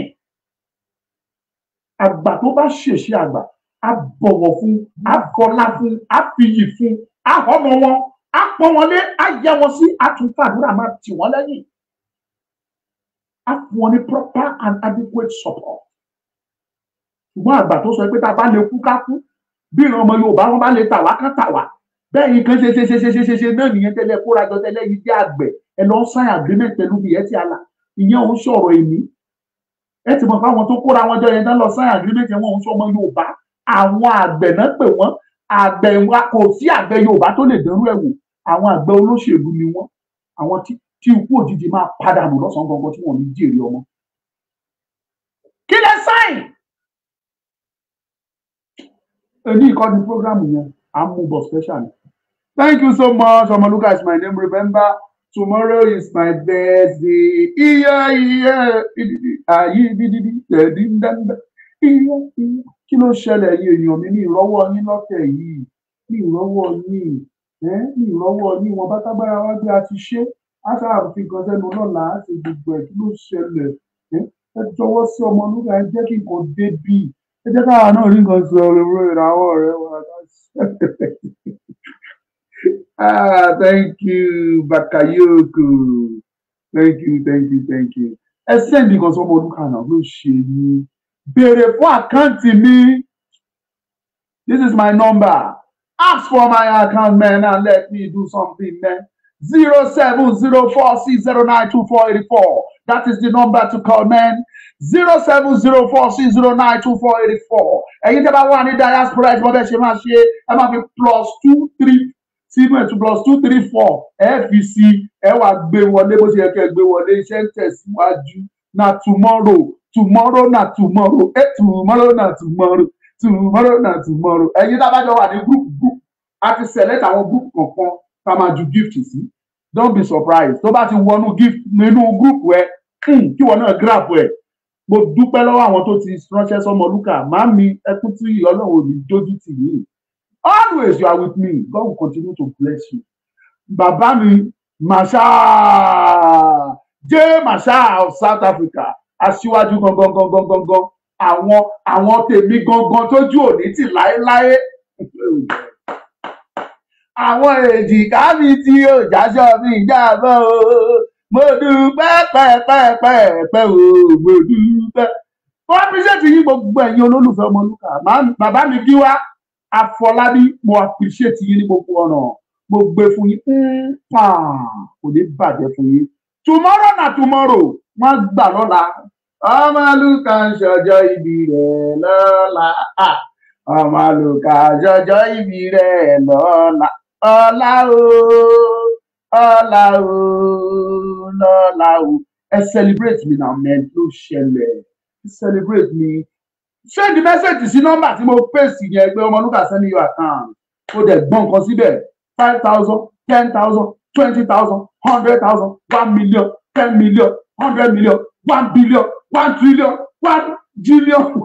àgbà tó bá ṣèṣe àgbà á bọ̀wọ̀ fún á bọlá fún á fiyì fún á họmọ wọn á pọ́n wọn lé á yẹ wọn sí àtúntàdúrà máa tì wọ́n lẹ́yìn á fún wọn ní proper and adequate support ṣùgbọ́n àgbà tó sọ pé tá a bá lè kú ká kú bí ìran ọmọ Yorùbá wọn bá lè tà wá kán tà wá bẹ́ẹ̀ yìí kan ṣe ṣe ṣe ṣe ṣe ṣe náà nìyẹn tẹ́lẹ̀ kóra jọ tẹ́lẹ̀ yìí dé àgbẹ̀ ẹ lọ sign agreement pẹ̀lú bìyẹn ti àlà ìyẹn òun sọ̀rọ̀ èmi ẹ ti mọ̀ fáwọn tó kóra wọn jọ yẹn tán lọ sign agreement yẹn wọn òun sọ ọmọ Yorùbá àwọn àgbẹ̀ náà pè wọ́n àgbẹ̀ kò sí àgbẹ̀ Yorùbá tó lè dẹrú ẹ̀ àwọn àgbẹ̀ olóṣèlú ni wọ́n àwọn tí ikú òjijì máa padà nù lọ́sàn-án tí wọ́n ní jèrè ọmọ. kí lẹ sáìn èmi ìkọ́ni program yẹn à special Thank you so much Ọmọlúkà is my name remember tomorrow is my birthday iye iye ayé dídí tẹ̀dí dandan irọ́ irọ́ kí ló ṣẹlẹ̀ yìí èèyàn mi ní ìrọ́wọ́ yín lọ́tẹ̀ yìí ní ìrọ́wọ́ yín ní ìrọ́wọ́ yín wọn bá tágbára wá bí a ti ṣe á sáà fi gan sẹ́nu lọ́la á sì gbogbo ẹ̀ kí ló ṣẹlẹ̀ ẹ jọ̀wọ́ sí ọmọ lúgà ẹ jẹ́ kí nǹkan dé bí ẹ jẹ́ káwa náà rí nǹkan sọ lórí ìràwọ̀ rẹ wà láṣẹ. ah thank you Bakayoko thank you thank you thank you ẹ sẹ́ǹdì kan sọ́mọ lúgà náà ló ṣe yín béèrè fún àkáǹtì mi this is my number ask for my account man and let me do something man zero seven zero four six zero nine two four eight four that is the number to call man zero seven zero four six zero nine two four eight four ẹ̀yin tẹ́ bá wà ní diaspora ẹ̀ tí wọ́n fẹ́ ṣe máa ṣe ẹ máa fi plus two three síbẹ̀ two plus two three four ẹ fi sí ẹ wá gbé wọlé bó ṣe yẹ kẹ́ gbé wọlé iṣẹ́ ń tẹ̀síwájú na tomorrow tomorrow na tomorrow eh tomorrow na tomorrow tomorrow na tomorrow ẹ̀yin tá a bá jọ wà ní group group a ti select àwọn group kọ̀ọ̀kan ká máa ju gift sí don't be surprised tó bá ti wọnú gift nínú group ẹ hmm, kí wọn náà grab ẹ mo dúpẹ́ lọ́wọ́ àwọn tó ti ránṣẹ́ sọmọ lúkà màámi ẹkún tí ọlọ́run ò ní dójú tì yìí always you are with me God will continue to bless you bàbá mi màṣá jẹ́ màṣá of South Africa aṣíwájú gangan gangan gangan àwọn àwọn tèmi gangan tójú òní tì láéláé àwọn èjìká mi tí òjàṣọ mi jábọ o mo dúpẹ́ pẹpẹpẹpẹ o mo dúpẹ́ wọn apíṣẹ́tì yín gbogbo ẹ̀yin olólùfẹ́ Ọmọlúkà bàbá mi kí wá Afọlábí mo apíṣẹ́tì yín ní gbogbo ọ̀nà mo gbé fún yín ń mmm, pa kò ní bàjẹ́ fún yín tomorrow na tomorrow wọ́n gbà lọ́la ọmọlúkà ń ṣọjọ́ ibi rẹ̀ lọ́la ọmọlúkà ṣọjọ́ ibi rẹ̀ lọ́la ọ̀la o ọ̀la o lọ́la o ẹ celebrate mi na men ló ṣẹlẹ̀ celebrate mi send message sí nọ́mbà tí mo pèsè yẹn pé ọmọlúkà send your account ó dẹ̀ gbọ́n nǹkan síbẹ̀ five thousand ten thousand twenty thousand hundred thousand one million ten million hundred million one billion one trillion one jillion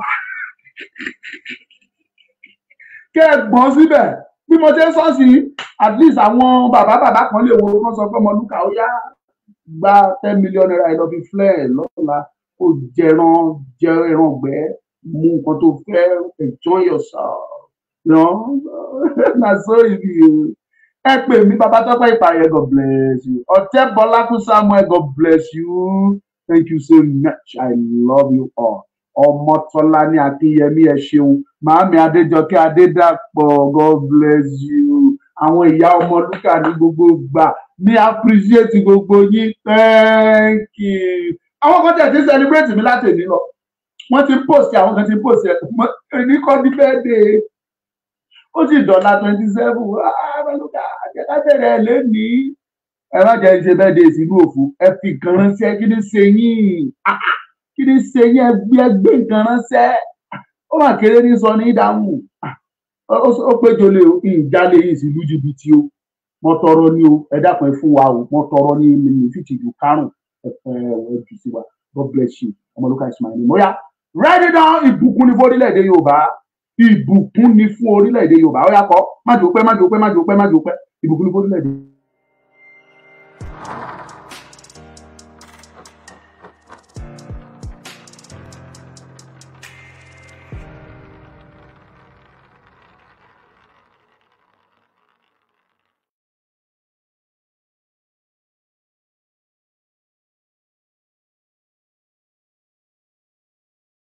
kẹ́ẹ̀gbọ́n síbẹ̀ bí mo ṣe sọ sí at least àwọn bàbá bàbá kan lè wo wọn sọ pé Ọmọlúkà ó yá gba ten million naira ẹ lọ fi flẹ lọ́la kó jẹran jẹ ẹran gbẹ mú nǹkan tó fẹ́ enjoy yourself no na so it ẹ pè mí Babatope Ìpààyàn god bless you Ọ̀tẹ́bọ́lákún Samuel god bless you thank you so much i love you all Ọmọtọ́lání Akínyẹmí ẹ ṣeun màámi Adéjọkẹ́ Adédàpọ̀ god bless you àwọn ìyá ọmọ lúkà ní gbogbo gbà ní appreciate gbogbo yín thank you àwọn kan tẹ̀ sí celebrate mi láti èmi lọ wọ́n ti post àwọn kan ti post ẹ̀ èmi kọ́ ní bẹ́ẹ̀ dé ó sì dọ̀la twenty seven ah balùkà ká bẹ̀rẹ̀ lónìí ẹ má jẹ́ ṣe bẹ́ẹ̀ de ìsìnkú òfu ẹ fi nǹkan ránṣẹ́ kí ni ṣe yín ah, ah. kí ni ṣe yín ẹ gbé nǹkan ránṣẹ́ ó mà kéré ní sọ ní ìdáhùn ah, ó péjọ lé o ìjálè ìsìnkú jìbìtì o mo tọrọ ni o ẹ dákun ẹ fún wa o mo tọrọ ni mi fìtì ju karùn ẹ ẹ jù sí wa god bless you ọmọlúkà ismail moya ready down ìbùkún ní fún orílẹ̀-èdè yorùbá ìbùkún ní fún orílẹ̀-èdè yorùbá ó yà kọ́ má jò pẹ́ má jò pẹ́ má jò pẹ́ má jò pẹ́ ìbùkún ní bórílẹ̀-èdè